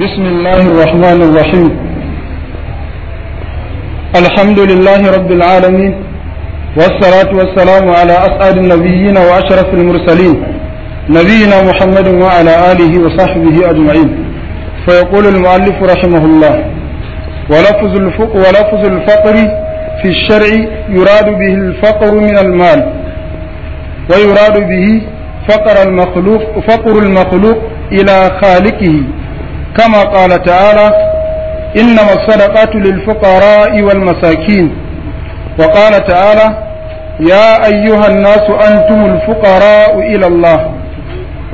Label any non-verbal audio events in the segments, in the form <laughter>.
بسم الله الرحمن الرحيم الحمد لله رب العالمين والصلاة والسلام على أسعد النبيين وأشرف المرسلين نبينا محمد وعلى آله وصحبه أجمعين فيقول المؤلف رحمه الله ولفظ الفقر ولفظ الفقر في الشرع يراد به الفقر من المال ويراد به فقر المخلوق فقر المخلوق إلى خالقه كما قال تعالى إنما الصدقات للفقراء والمساكين وقال تعالى يا أيها الناس أنتم الفقراء إلى الله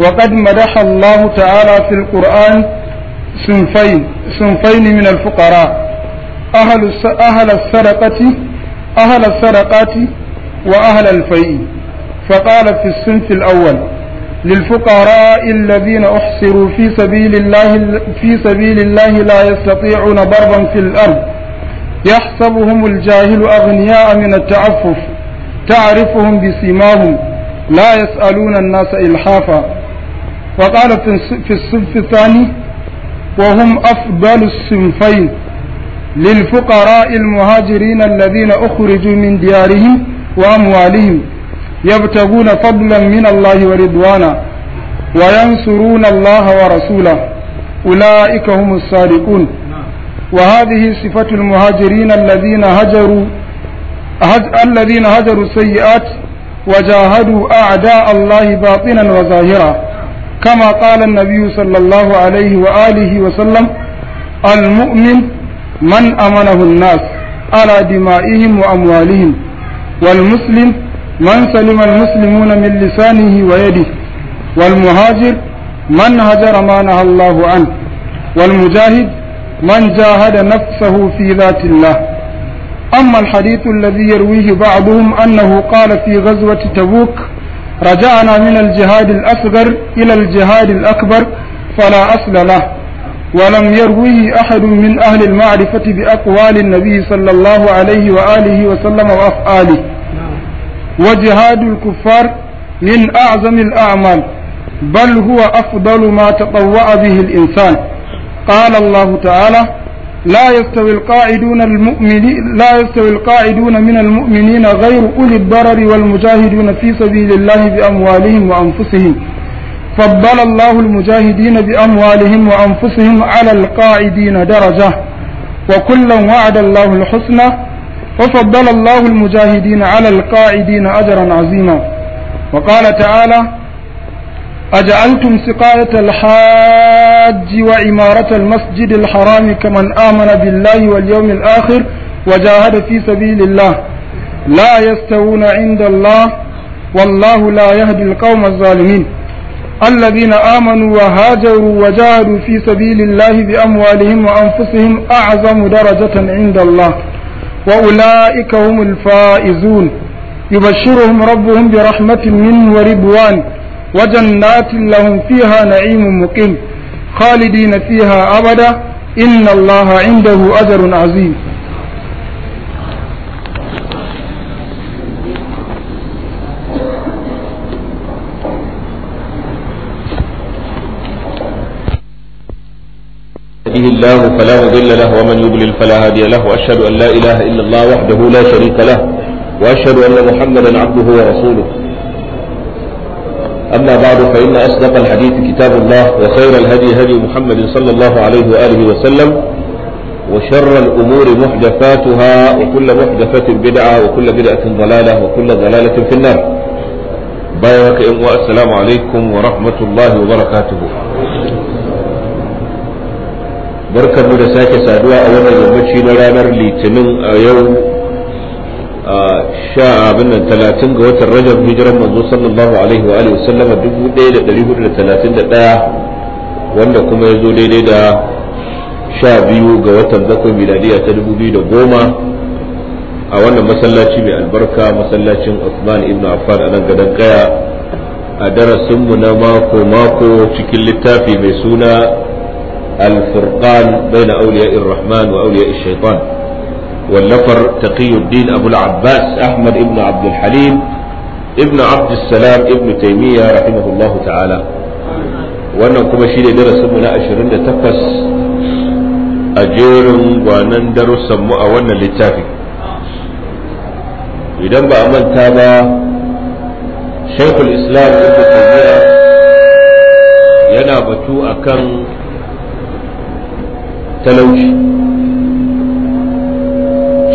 وقد مدح الله تعالى في القرآن صنفين صنفين من الفقراء أهل أهل السرقة أهل السرقات وأهل الفيء فقال في الصنف الأول للفقراء الذين أحصروا في سبيل الله في سبيل الله لا يستطيعون ضربا في الأرض يحسبهم الجاهل أغنياء من التعفف تعرفهم بسيماهم لا يسألون الناس إلحافا وقال في الصنف الثاني وهم أفضل الصنفين للفقراء المهاجرين الذين أخرجوا من ديارهم وأموالهم يبتغون فضلا من الله ورضوانا وينصرون الله ورسوله أولئك هم الصادقون وهذه صفة المهاجرين الذين هجروا هج الذين هجروا السيئات وجاهدوا أعداء الله باطنا وظاهرا كما قال النبي صلى الله عليه وآله وسلم المؤمن من أمنه الناس على دمائهم وأموالهم والمسلم من سلم المسلمون من لسانه ويده والمهاجر من هجر ما نهى الله عنه والمجاهد من جاهد نفسه في ذات الله أما الحديث الذي يرويه بعضهم أنه قال في غزوة تبوك رجعنا من الجهاد الأصغر إلى الجهاد الأكبر فلا أصل له ولم يرويه أحد من أهل المعرفة بأقوال النبي صلى الله عليه وآله وسلم وأفعاله وجهاد الكفار من أعظم الأعمال بل هو أفضل ما تطوع به الإنسان قال الله تعالى لا يستوي القاعدون المؤمنين لا يستوي القاعدون من المؤمنين غير أولي الضرر والمجاهدون في سبيل الله بأموالهم وأنفسهم فضل الله المجاهدين بأموالهم وأنفسهم على القاعدين درجة وكلا وعد الله الحسنى ففضل الله المجاهدين على القاعدين أجرا عظيما وقال تعالى أجعلتم سقاية الحاج وعمارة المسجد الحرام كمن آمن بالله واليوم الآخر وجاهد في سبيل الله لا يستوون عند الله والله لا يهدي القوم الظالمين الذين آمنوا وهاجروا وجاهدوا في سبيل الله بأموالهم وأنفسهم أعظم درجة عند الله وأولئك هم الفائزون يبشرهم ربهم برحمة من ورضوان وجنات لهم فيها نعيم مقيم خالدين فيها أبدا إن الله عنده أجر عظيم الله فلا مضل له ومن يضلل فلا هادي له وأشهد أن لا إله إلا الله وحده لا شريك له وأشهد أن محمدا عبده ورسوله أما بعد فإن أصدق الحديث كتاب الله وخير الهدي هدي محمد صلى الله عليه وآله وسلم وشر الأمور محدثاتها وكل محدثة بدعة وكل بدعة ضلالة وكل ضلالة في النار بارك الله السلام عليكم ورحمة الله وبركاته barkanmu da sake saduwa a wannan yammaci na ranar litinin a yau a sha abin nan talatin ga watan rajab hijiran manzo sallallahu alaihi wa alihi wasallama dubu ɗaya da ɗari hudu da talatin da ɗaya wanda kuma ya zo daidai da sha biyu ga watan bakwai miladiya ta dubu biyu da goma a wannan masallaci mai albarka masallacin usman ibn Affan a nan gadon kaya a darasinmu na mako-mako cikin littafi mai suna الفرقان بين أولياء الرحمن وأولياء الشيطان والنفر تقي الدين أبو العباس أحمد ابن عبد الحليم ابن عبد السلام ابن تيمية رحمه الله تعالى wannan kuma shi ne darasin mu na 28 a jerin gwanan darussan mu a wannan littafi idan ba a manta ba shaikul islam talauci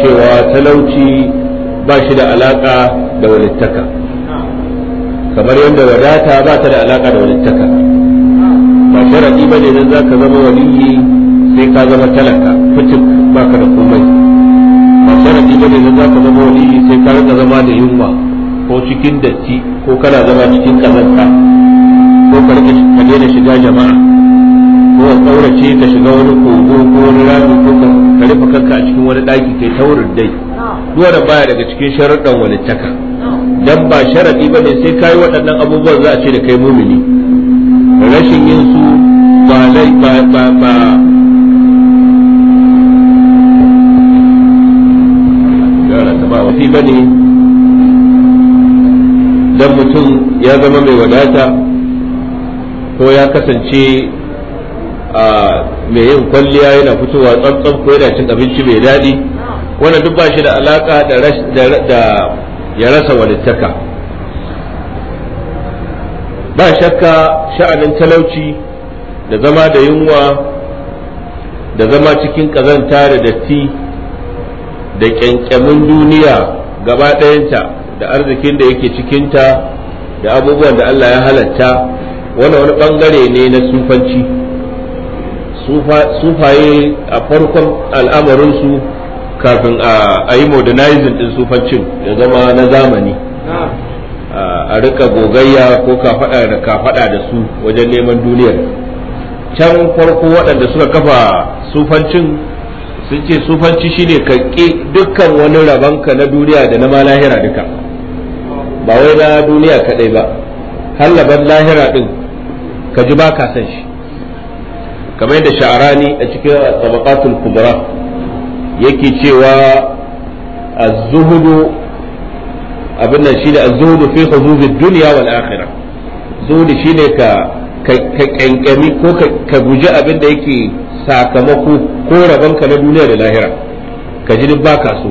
cewa talauci ba shi da alaka da walittaka kamar yadda wadata ba ta da alaka da walittaka ba sharaɗi ba ne nan za ka zama waliyi sai ka zama talaka fitin ba ka da komai ba sharaɗi ba ne nan za ka zama waliyi sai ka rika zama da yunwa ko cikin datti ko kana zama cikin kazanta ko ka daina shiga jama'a ko ka kaurace ka shiga wani kogo ko wani rami ko ka rufe kanka a cikin wani daki kai taurin dai duwanda baya daga cikin sharuɗan taka dan ba sharadi bane sai kai waɗannan abubuwan za a ce da kai mumini rashin yin su ba ba ba ba ba ne don mutum ya zama mai wadata ko ya kasance mai yin kwalliya yana fitowa tsantsan ko yana cin abinci mai daɗi wannan duk ba shi da alaka da ya rasa walittaka ba shakka sha'anin talauci da zama da yunwa da zama cikin ƙazanta da datti da ƙyanƙyamin duniya gaba ɗayanta da arzikin da yake cikinta da abubuwan da Allah ya halatta wani wani ɓangare ne na sufanci sufaye a farkon al'amarinsu kafin a yi modernizing din sufancin ya zama na zamani a rika gogayya ko kafaɗa da su wajen neman duniyar can farko waɗanda suka kafa sufancin sun ce sufanci shine ka ƙi dukkan wani rabanka na duniya da na ma lahira duka ba wai na duniya kaɗai ba hallaban lahira ɗin ka ji ba ka san shi kamar yadda sha'arani a cikin tabaqatul kubra yake cewa az-zuhdu abin nan shine az-zuhdu fi hudud dunya wal akhirah zuhdi shine ka ka kankami ko ka guji abin da yake sakamako ko ka na duniya da lahira ka ji ba baka so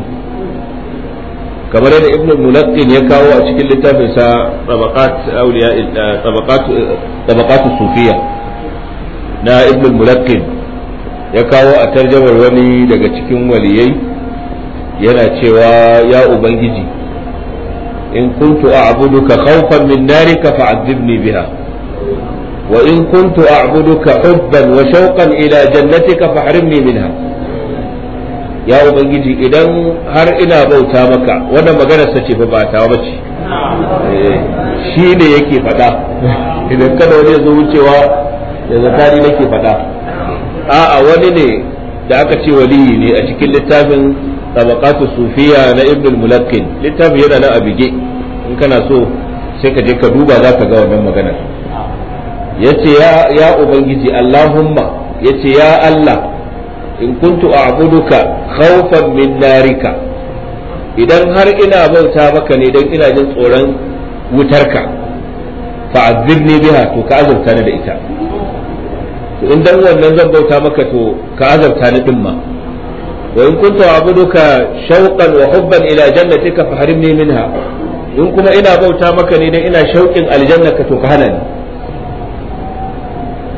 kamar yadda ibnu mulaqqin ya kawo a cikin littafin sa tabaqat awliya tabaqat tabaqat sufiyya na ibn mulaqqin ya kawo a tarjamar wani daga cikin waliyai yana cewa ya ubangiji in kuntu a'buduka khawfan min narika fa'adhibni biha wa in kuntu a'buduka hubban wa shawqan ila jannatika fahrimni minha ya ubangiji idan har ina bauta maka wannan maganar sa ce fa ba ta bace eh, shi ne yake faɗa idan kada wani ya zo wucewa yanzu tari nake faɗa a'a wani ne da aka ce waliyi ne a cikin littafin tabaqatu sufiya na ibn al-mulakkin littafin yana nan a bige in kana so sai ka je ka duba za ka ga wannan maganar yace ya ya ubangiji allahumma ce ya allah in kuntu a'buduka khawfan min narika idan har ina bauta maka ne dan ina jin tsoron wutarka fa'azzirni biha to ka azurta ni da ita to in dan wannan zan bauta maka to ka azabta ni din ma wa in kunta abuduka shauqan wa hubban ila jannatika harimni minha in kuma ina bauta maka ne dan ina shauƙin aljannaka to ka hana ni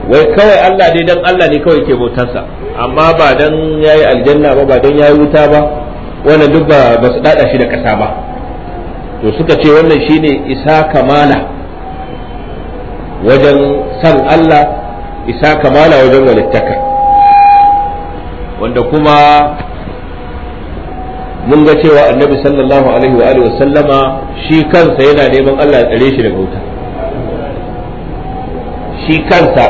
wai kawai Allah dai dan Allah ne kawai ke bautarsa amma ba dan yayi aljanna ba ba dan yayi wuta ba wannan duk ba ba su dada shi da kasa ba to suka ce wannan shine isa kamala wajen san Allah isa kamala wajen walittaka wanda kuma mun ga cewa annabi sallallahu alaihi wa alihi sallama shi kansa yana neman Allah ya tsare shi da bauta. shi kansa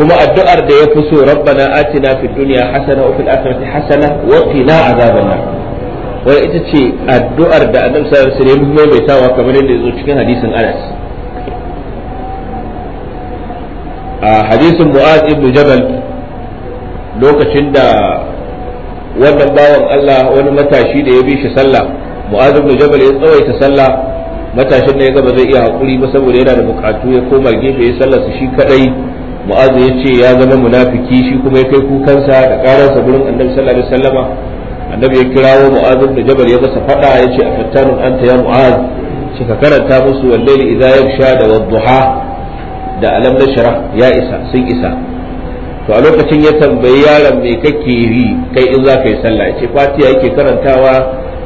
kuma addu'ar da ya fi so rabbana atina fid dunya hasana wa fil akhirati hasana wa qina azaban wai ita ce addu'ar da annabi sallallahu alaihi wa sallam ya maimaitawa kamar yadda ya zo cikin hadisin Anas a hadisin mu'az ibn jabal lokacin da wannan bawan Allah wani matashi da ya bi shi sallah mu'az ibn jabal ya tsawaita sallah matashin da ya gaba zai iya hakuri ba saboda yana da bukatu ya koma gefe ya sallar su shi kadai mu'az ya ce ya zama munafiki shi kuma ya kai kukansa da karansa gurin annabi sallallahu alaihi wasallama annabi ya kirawo mu'az ibn jabal ya gasa fada ya ce afattanun anta ya mu'az shi ka karanta musu wallahi idza yabsha da wadduha da alam na shara ya isa sun isa to a lokacin ya tambayi yaron mai kake yi kai in za ka yi sallah ce fatiha yake karantawa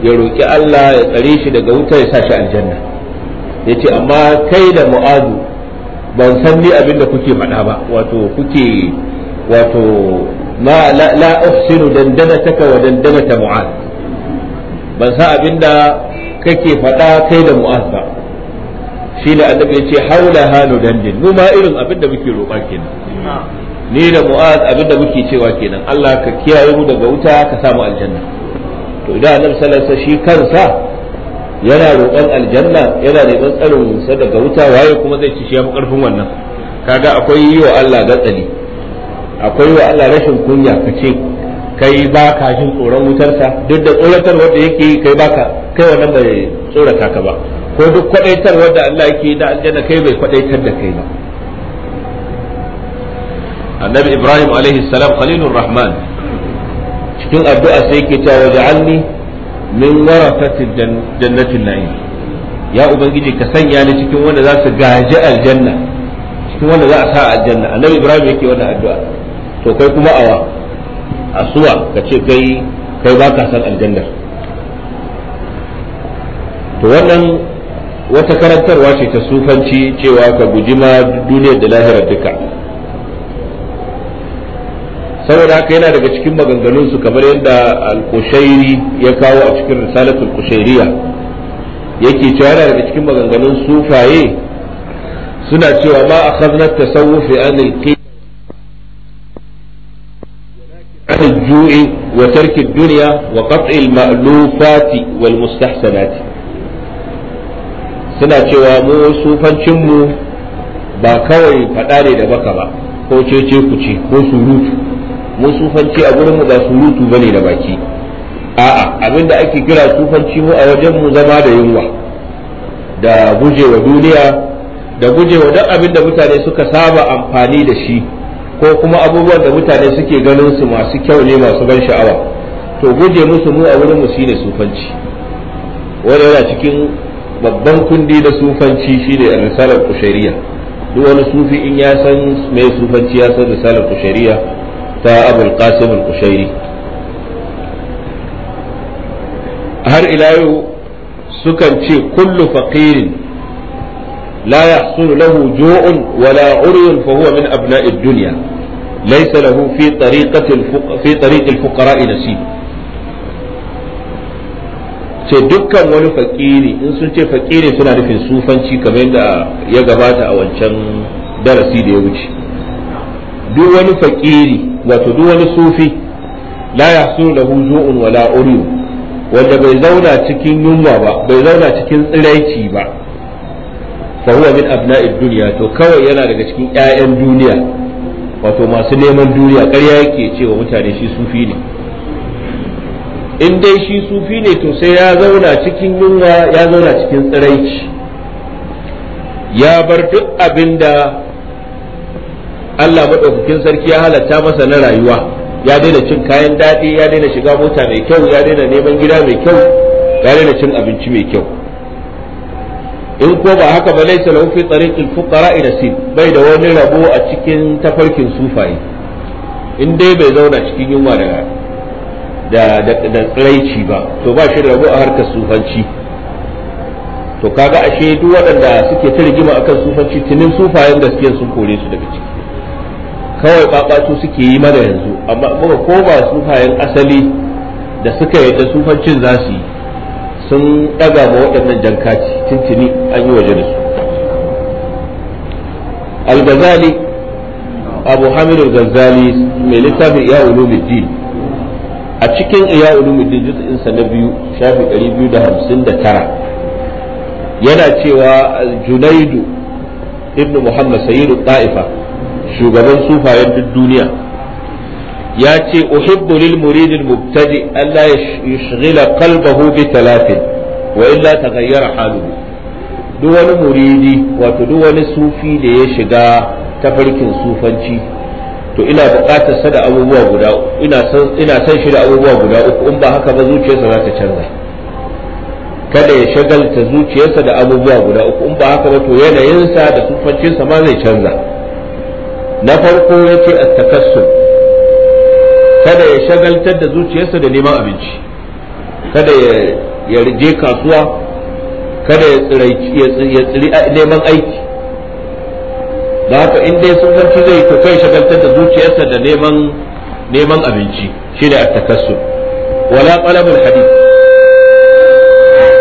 ya roƙi Allah ya tsare shi daga wuta ya sa shi aljanna ya ce amma kai da mu'adu ban san ni abin da kuke faɗa ba wato kuke wato ma la, la uhsinu taka wa ta mu'az ban san abin da kake faɗa kai da mu'ad ba shine annabi ya ce haula halu dandin mu ma irin abin da muke roƙa kenan ni da mu'az abin da muke cewa kenan Allah ka kiyaye mu daga wuta ka samu aljanna to idan annabi sallallahu alaihi shi kansa yana roƙon aljanna yana neman tsarin sa daga wuta waye kuma zai ci shi ya karfin wannan kaga akwai yi wa Allah gatsali akwai wa Allah rashin kunya ka ce kai ba ka jin tsoron wutarsa duk da tsoratar wanda yake yi kai baka kai wannan bai tsorata ka ba ko duk kwadaitar wanda Allah yake da aljanna kai bai kwadaitar da kai ba annabi ibrahim alaihi salam qalilur rahman cikin addu'a sai yake cewa ja'alni min warathati jannatin na'im ya ubangiji ka sanya ni cikin wanda za su gaji aljanna cikin wanda za a sa aljanna annabi ibrahim yake wannan addu'a to kai kuma awa asuwa ka ce kai kai ba ka san aljanna to wannan wata karantarwa ce ta sufanci cewa ka guji ma duniya da lahirar duka saboda haka yana daga cikin maganganunsu kamar yadda al alkushairi ya kawo a cikin risalatul kushairiya yake cewa yana daga cikin maganganun sufaye suna cewa ma akhadna tasawuf an alqi دفع الجوع وترك الدنيا وقطع المألوفات والمستحسنات suna cewa mu sufancinmu ba kawai faɗa ne da baka ba ko cece ku ce ko surutu mu sufanci a gurinmu ba surutu ba ne da baki a'a abinda ake kira sufanci mu a wajenmu zama da yunwa da gujewa duniya da gujewa duk abin da mutane suka saba amfani da shi ko kuma abubuwan da mutane suke ganin su masu kyau ne masu ban sha'awa to guje musu mu a wurin mu shine sufanci wanda yana cikin babban kundi da sufanci shine risalar kushairiya duk wani sufi in ya san mai sufanci ya san risalar kushairiya ta abul qasim al kushairi har ila yau sukan ce kullu faqirin la yahsulu lahu ju'un wala uriyun fa huwa min abna'id dunya laysa lahu fi tariqati fi tariqi al-fuqara nasib dukkan wani fakiri in sun ce fakiri suna nufin sufanci kamar yadda ya gabata a wancan darasi da ya wuce duk wani fakiri wato duk wani sufi la yahsulu lahu ju'un wala uriyun wanda bai zauna cikin yunwa ba bai zauna cikin tsiraici ba fa huwa min abna'id to kawai yana daga cikin ƴaƴan duniya wato masu neman duniya ƙarya yake cewa mutane shi sufi ne in dai shi sufi ne to sai ya zauna cikin yunwa ya zauna cikin tsiraici ya bar duk abin da Allah maɗaukakin sarki ya halatta masa na rayuwa ya daina cin kayan daɗi ya daina shiga mota mai kyau ya daina neman gida mai kyau ya daina cin abinci mai kyau in ko ba haka ba laysa lahu fi tariqil fuqara ila bai da wani rabo a cikin tafarkin sufaye in dai bai zauna cikin yunwa da da da tsiraici ba to ba shi da rabo a harkar sufanci to kaga ashe duk waɗanda suke ta rigima akan sufanci tunin sufayen gaskiya sun kore su daga ciki kawai babatu suke yi mana yanzu amma kuma ko ba sufayen asali da suka yadda sufancin za su yi sun ɗaga wa waɗannan jankaci tuntuni an yi waje da su al-ghazali abu hamid al-ghazali mai littafin iya ulumuddin a cikin iya ulumuddin na biyu shafi tara yana cewa junaidu ibn muhammad sayyidu ta'ifa shugaban sufayen duk duniya ya ce uhibbu lil murid al mubtadi alla yushghila qalbahu bi talatin wa illa taghayyara haluhu duk wani muridi wato duk wani sufi da ya shiga tafarkin sufanci to ina buƙatar sa da abubuwa guda ina san ina san shi da abubuwa guda uku in ba haka ba zuciyarsa za ta canza kada ya shagalta zuciyarsa da abubuwa guda uku in ba haka ba to yanayinsa da sufancinsa ma zai canza na farko yace at-takassum kada ya shagaltar da zuciyarsa da neman abinci kada ya je kasuwa kada ya tsiri neman aiki da haka in dai sun zanci zai to kai shagaltar da zuciyarsa da neman abinci, abinci ne a takassu. wala qalabul hadith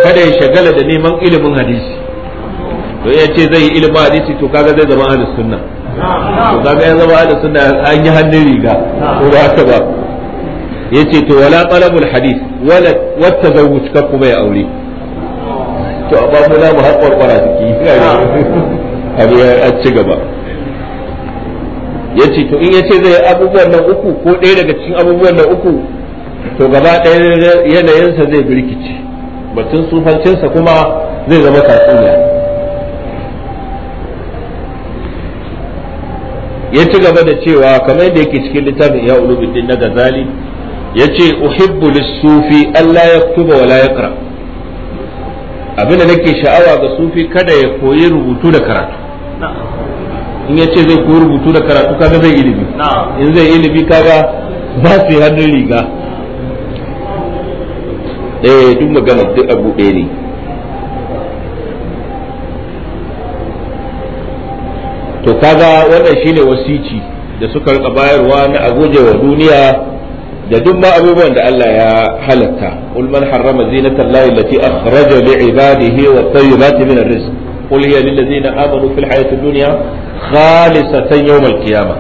kada ya shagala da neman ilimin hadisi to ya ce zai yi ilimin hadisi to kaga zai zama ahlus sunna to kaga ya zama ahlus sunna an yi hannun riga ko ba haka ba yace to wala talabul hadith wala wata zawuj ka kuma ya aure to amma mu na mu haƙƙar kwara ciki abu ya ci gaba yace to in yace zai abubuwan nan uku ko ɗaya daga cikin abubuwan nan uku to gaba ɗaya yanayinsa zai birkice batun sufancinsa kuma zai zama tatsuniya ya ci gaba da cewa kamar yadda yake cikin littafin ya ulumuddin na gazali ya ce uhibbu sufi Allah ya kutuba wa la yaqra abinda nake sha'awa ga sufi kada ya koyi rubutu da karatu in ya ce zai koyi rubutu da karatu kaga zai ilimi in zai ilimi kaga ba su yi hannun riga eh duk magana duk abu ɗaya ne to kaga wannan shine wasici da suka rika bayarwa na agoje wa duniya da duk ma abubuwan da Allah ya halatta qul man harrama zinata allahi allati akhraja li ibadihi wa tayyibati min ar qul hiya lil ladzina amanu fil hayati dunya khalisatan yawm al-qiyamah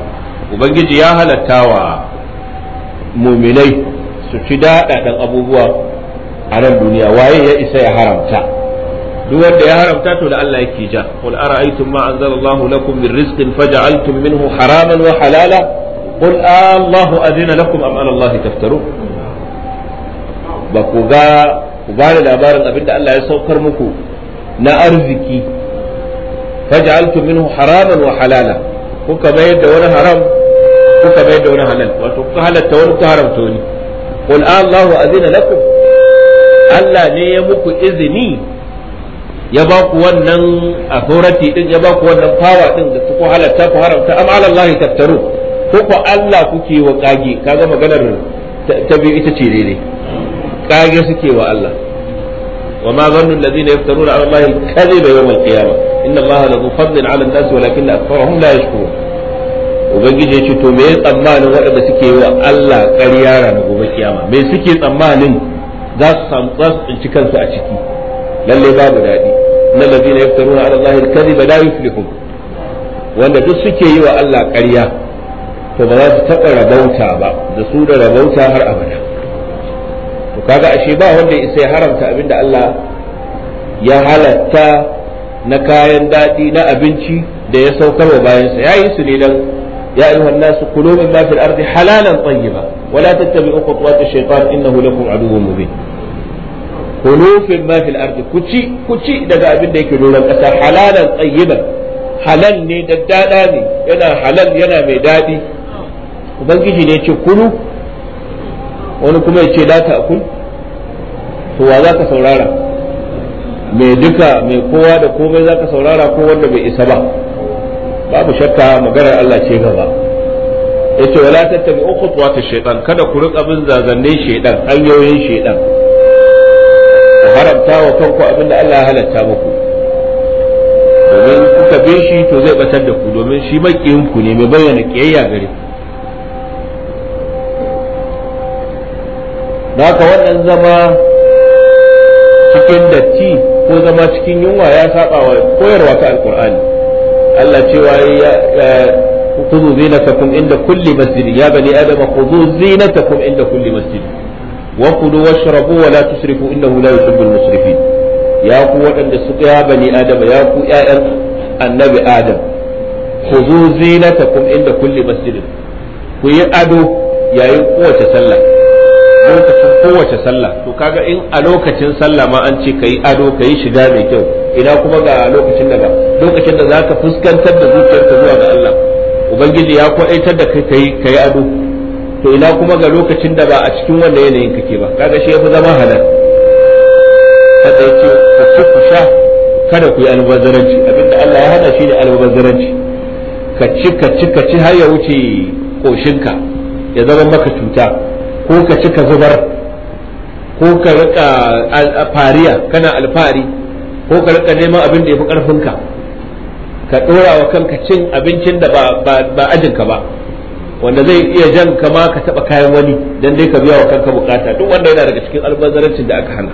ubangiji ya halatta wa muminai su ci daɗaɗan abubuwa a nan duniya waye ya isa ya haramta duk wanda ya haramta to da Allah yake ja qul ara'aytum ma anzalallahu lakum min rizqin faj'altum minhu haraman wa halala qul Allahu adina lakum am ala Allah taftaru ba ku ga ku ba da labarin abinda Allah ya saukar muku na arziki faj'altum minhu haraman wa halala kuka bayar da wani haram kuka bayar da wani halal wato kuka halatta wani ku haramta wani qul Allahu adina lakum Allah ne ya muku izini ya ba ku wannan authority din ya ba ku wannan power din da ku halatta ku haramta am ala Allah taftaru ko ku Allah kuke wa kage kaga maganar ta biyu ita ce daidai kage suke wa Allah wa ma zannu alladhina yaftaruna ala Allah kadhiba yawm al-qiyamah inna Allah la dhu fadlin ala an-nas walakinna aktharuhum la yashkurun ubangiji ya ce to me tsammanin waɗanda suke wa Allah ƙarya ranar gobe kiyama me suke tsammanin za su samu za su tsinci kansu a ciki lalle babu daɗi na lazina yaftaruna ala allahi alkadhiba la yuflihun wanda duk suke yi wa Allah ƙarya to ba za su taɓa rabauta ba da su da rabauta har abada to kaga ashe ba wanda isa ya haramta abinda Allah ya halatta na kayan daɗi na abinci da ya saukar wa bayansa ya yi su ne dan يا أيها الناس كلوا مما في الأرض حلالا طيبا ولا تتبعوا خطوات الشيطان إنه لكم عدو مبين kulu min ma fil ardi ku ci ku ci daga abin da yake doron kasa halalan tayyiban halal ne dada ne yana halal yana mai dadi ubangiji ne ce kulu wani kuma ya ce la akul to wa zaka saurara mai duka mai kowa da komai zaka saurara ko wanda bai isa ba babu shakka maganar Allah ce gaba yace wala tattabi ukhutwat ash-shaytan kada ku rika bin zazannin shaytan hanyoyin shaytan haramta wa kanku da Allah ya halatta muku domin kuka bi shi to zai batar da ku domin shi makiyinku ne mai bayyana kiyayya gare ku wannan zama cikin datti ko zama cikin yunwa ya saba wa koyarwa ta alkur'ani Allah cewa ya خذوا زينتكم عند كل مسجد ya بني آدم خذوا زينتكم inda كل مسجد wa kulu washrabu wa la tusrifu innahu la yuhibbul musrifin ya ku waɗanda suka ya bani adama ya ku ƴaƴan annabi adam khudhu zinatakum inda kulli masjidin ku yi ado yayin kowace sallah kowace sallah to kaga in a lokacin sallah ma an ce kayi ado kayi shiga mai kyau ina kuma ga lokacin daga lokacin da zaka fuskantar da zuciyarka zuwa ga Allah ubangiji ya kwaɗaitar da kai kayi ado to ina kuma ga lokacin da ba a cikin wanda yanayin kake ba kaga shi yafi zama halal hada yake ku ci ku sha kada ku yi albazaranci abinda Allah ya hana shi ne albazaranci ka ci ka ci ka ci har ya wuce koshinka ya zama maka cuta ko ka ci ka zubar ko ka rika fariya kana alfari ko ka rika neman abin da yafi karfinka ka dora wa kanka cin abincin da ba ajinka ba wanda zai iya jan kama ka taba kayan wani dan dai ka biya wa kanka bukata duk wanda yana daga cikin albazarancin da aka hana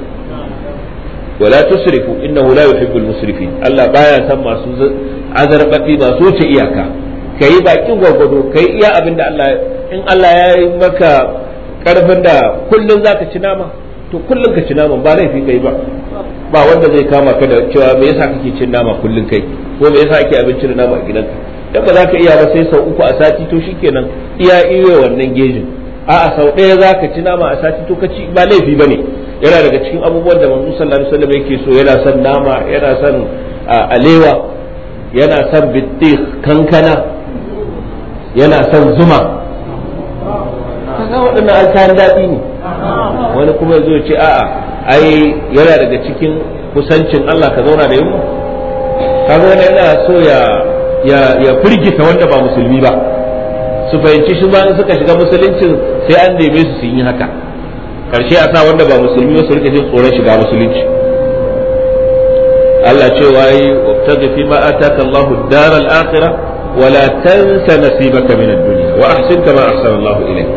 wala tusrifu innahu la yuhibbul musrifin Allah baya san masu ba masu wuce iyaka kai bakin gwagwado kai iya abin da Allah in Allah ya yi maka karfin da kullun zaka ci nama to kullun ka ci nama ba laifi kai ba ba wanda zai kama ka da cewa me yasa kake cin nama kullun kai ko me yasa ake abincin nama a gidanka dan ba za ka iya ba sai sau uku a sati to shikenan iya iya wannan gejin a'a sau ɗaya za ka ci nama a sati to ka ci ba laifi ba ne yana daga cikin abubuwan da manzo sallallahu alaihi wasallam yake so yana son nama yana son alewa yana son bitti kankana yana son zuma kaga waɗannan alkan daɗi ne wani kuma zo ce a'a ai yana daga cikin kusancin Allah ka zauna da yunwa kaga wani yana so ya ya firgita wanda ba musulmi ba su fahimci shi ma in suka shiga musuluncin sai an neme su su yi haka karshe a sa wanda ba musulmi su rika jin tsoron shiga musulunci Allah cewa yi wabtaga fi ma ataka Allah dar al-akhirah wala tansa nasibaka min ad-dunya wa ahsin kama ahsana Allah ilayk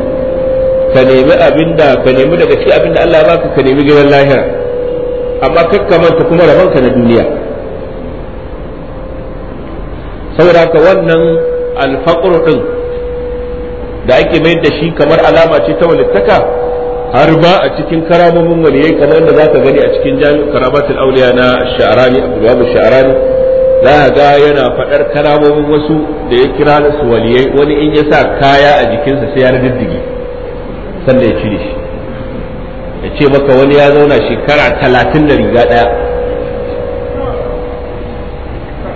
ka nemi abinda ka nemi daga shi abinda Allah ya baka ka nemi gidan lahira amma kakkamanta kuma rabanka na duniya saboda haka wannan alfaqru din da ake mai da shi kamar alama ce ta walittaka har ba a cikin karamomin waliyai kamar da zaka gani a cikin jami'in karamatul auliya na sha'rani abdulwahab sha'arani za ga yana faɗar karamomin wasu da ya kira da su waliyai wani in ya sa kaya a jikinsa sai ya diddige sannan ya cire shi ya ce maka wani ya zauna shekara talatin da riga ɗaya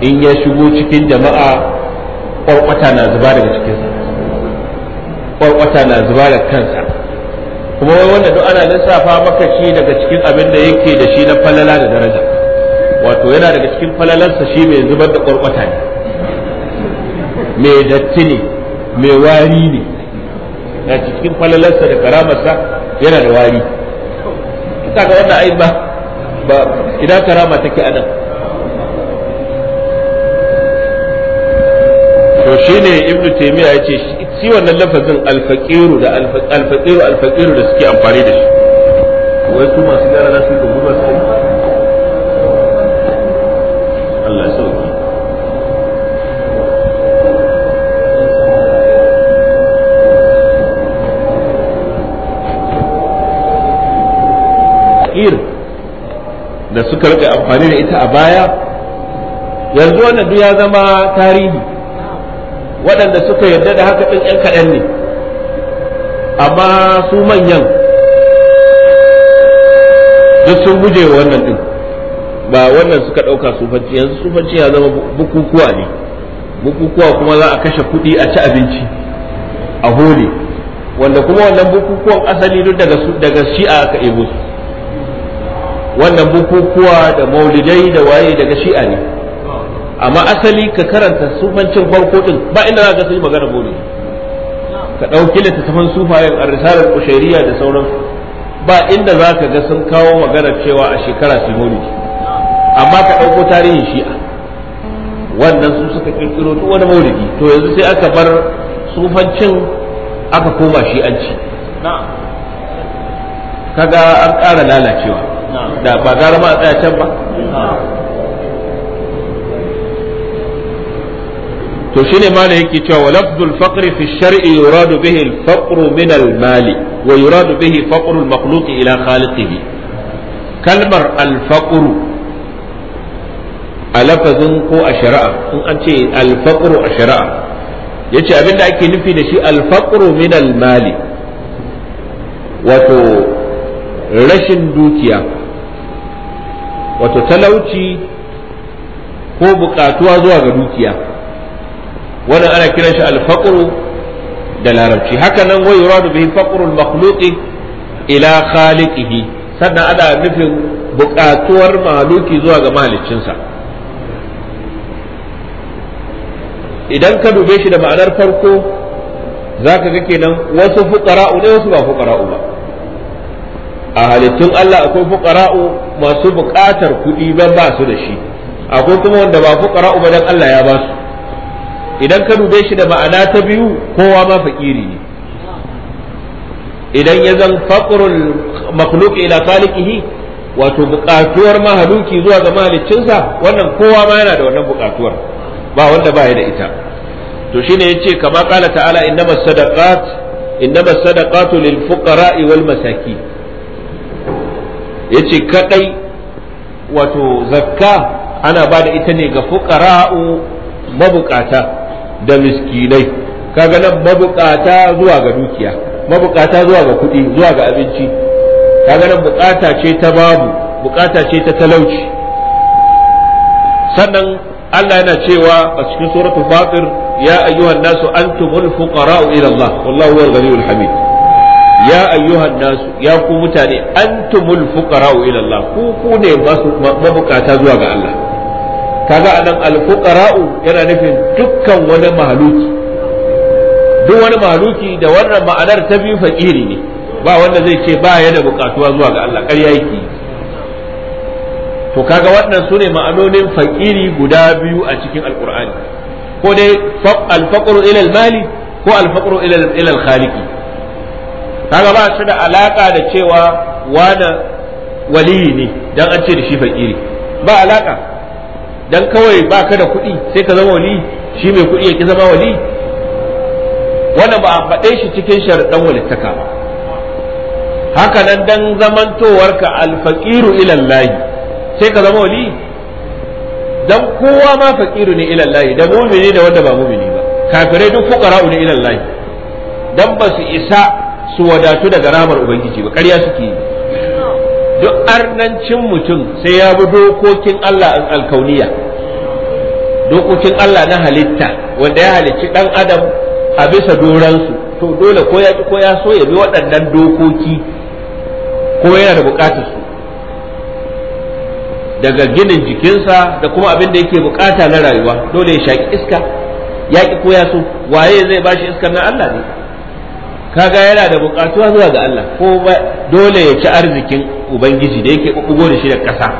in ya shigo cikin jama'a ƙwarƙwata na zuba daga cikinsa Ƙwarƙwata na zuba daga kansa kuma wai wanda duk ana lissafa maka shi daga cikin abin da yake da shi na falala da daraja wato yana daga cikin falalarsa shi mai zubar da ƙwarƙwata ne mai datti ne mai wari ne na cikin falalarsa da karamarsa yana da wari ga wannan ai ba ina karama take anan to shine ibnu taymiya yace shi wannan lafazin alfaqiru da alfaqiru alfaqiru da suke amfani da shi wai su masu gara da su dubu ba su Allah ya sauki ir da suka rika amfani da ita a baya yanzu wannan duk ya zama tarihi waɗanda suka yarda da haka ɗin 'yan kaɗan ne amma su manyan duk sun guje wa wannan ɗin ba wannan suka ɗauka sufanci yanzu sufanci ya zama bukukuwa ne bukukuwa kuma za a kashe kuɗi a ci abinci a hole wanda kuma wannan bukukuwan asali duk daga shi'a aka ebo su wannan bukukuwa da maulidai da waye daga shi'a ne amma asali ka karanta sufancin farko din ba inda za ka sai magana gobe ka ɗauki littattafan sufayen a risalar kushairiya da sauran ba inda za ka ga sun kawo magana cewa a shekara su amma ka ɗauko tarihin shi'a wannan su suka kirkiro duk wani maulidi to yanzu sai aka bar sufancin aka koma shi'anci kaga an ƙara lalacewa da ba gara ma a tsaya can ba to shine mala yake cewa wa lafzul faqri fi shar'i yuradu bihi al min al-mali wa yuradu bihi faqru al-makhluq ila khaliqihi kalmar al-faqru a lafazin ko a shari'a in an ce al-faqru a shari'a yace abinda ake nufi da shi al-faqru min al-mali wato rashin dukiya wato talauci ko bukatuwa zuwa ga dukiya wannan ana kiran shi alfaqru da larabci haka nan wa yuradu bihi faqru al ila khaliqihi sannan ana nufin buƙatuwar maluki zuwa ga mahaliccinsa idan ka dube shi da ma'anar farko zaka ga kenan wasu fuqara'u ne wasu ba fuqara'u ba a halittun Allah akwai fuqara'u masu buƙatar kuɗi ban ba su da shi akwai kuma wanda ba fuqara'u ba dan Allah ya ba su idan ka dube shi da ma'ana ta biyu kowa ma fakiri ne idan ya zan faqrul makhluq ila khaliqihi wato buƙatuwar mahaluki zuwa ga mahaliccinsa wannan kowa ma yana da wannan buƙatuwar ba wanda ba da ita to shine yace kama qala ta'ala innamas sadaqat innamas sadaqatu lil fuqara'i wal masakin yace kadai wato zakka ana ba da ita ne ga fuqara'u mabukata da miskinai kaga nan mabukata zuwa ga dukiya mabukata zuwa ga kuɗi zuwa ga abinci kaga nan bukata ce ta babu bukata ce ta talauci sannan Allah yana cewa a cikin suratul fatir ya ayyuhan nasu antumul fuqara'u ila Allah wallahu huwal ghaniyul hamid ya ayyuhan nasu ya ku mutane antumul fuqara'u ila Allah ku ku ne mabukata zuwa ga Allah kaga anan alfuqara'u yana nufin dukkan wani mahaluki duk wani mahaluki da wannan ma'anar ta biyu fakiri ne ba wanda zai ce ba ya da bukatuwa zuwa ga Allah ƙarya yake to kaga wannan sune ma'anonin fakiri guda biyu a cikin alqur'ani ko dai alfaqru ila mali ko alfaqru ila ila al kaga ba shi da alaka da cewa wani waliyi ne dan an ce da shi fakiri ba alaka dan kawai ba ka da kuɗi sai ka zama wali shi mai kuɗi ya ki zama wali wanda ba a faɗe shi cikin sharaɗan walittaka ba haka nan dan zamantowarka alfaqiru ila Allah sai ka zama wali dan kowa ma faqiru ne ila Allah da mu'mini da wanda ba mu'mini ba kafirai duk fuqara ne ila Allah dan ba su isa su wadatu daga ramar ubangiji ba ƙarya suke yi duk arnancin mutum sai ya bi dokokin Allah in alkauniya dokokin Allah na halitta wanda ya halicci dan adam a bisa doransu to dole ko ya ko ya so ya bi waɗannan dokoki ko yana da bukatar su daga ginin jikinsa da kuma abin da yake bukata na rayuwa dole ya shaki iska yaƙi ko ya so waye zai bashi iskar na Allah ne kaga yana da bukatuwa zuwa ga Allah ko dole ya ci arzikin ubangiji da yake bugo da shi da ƙasa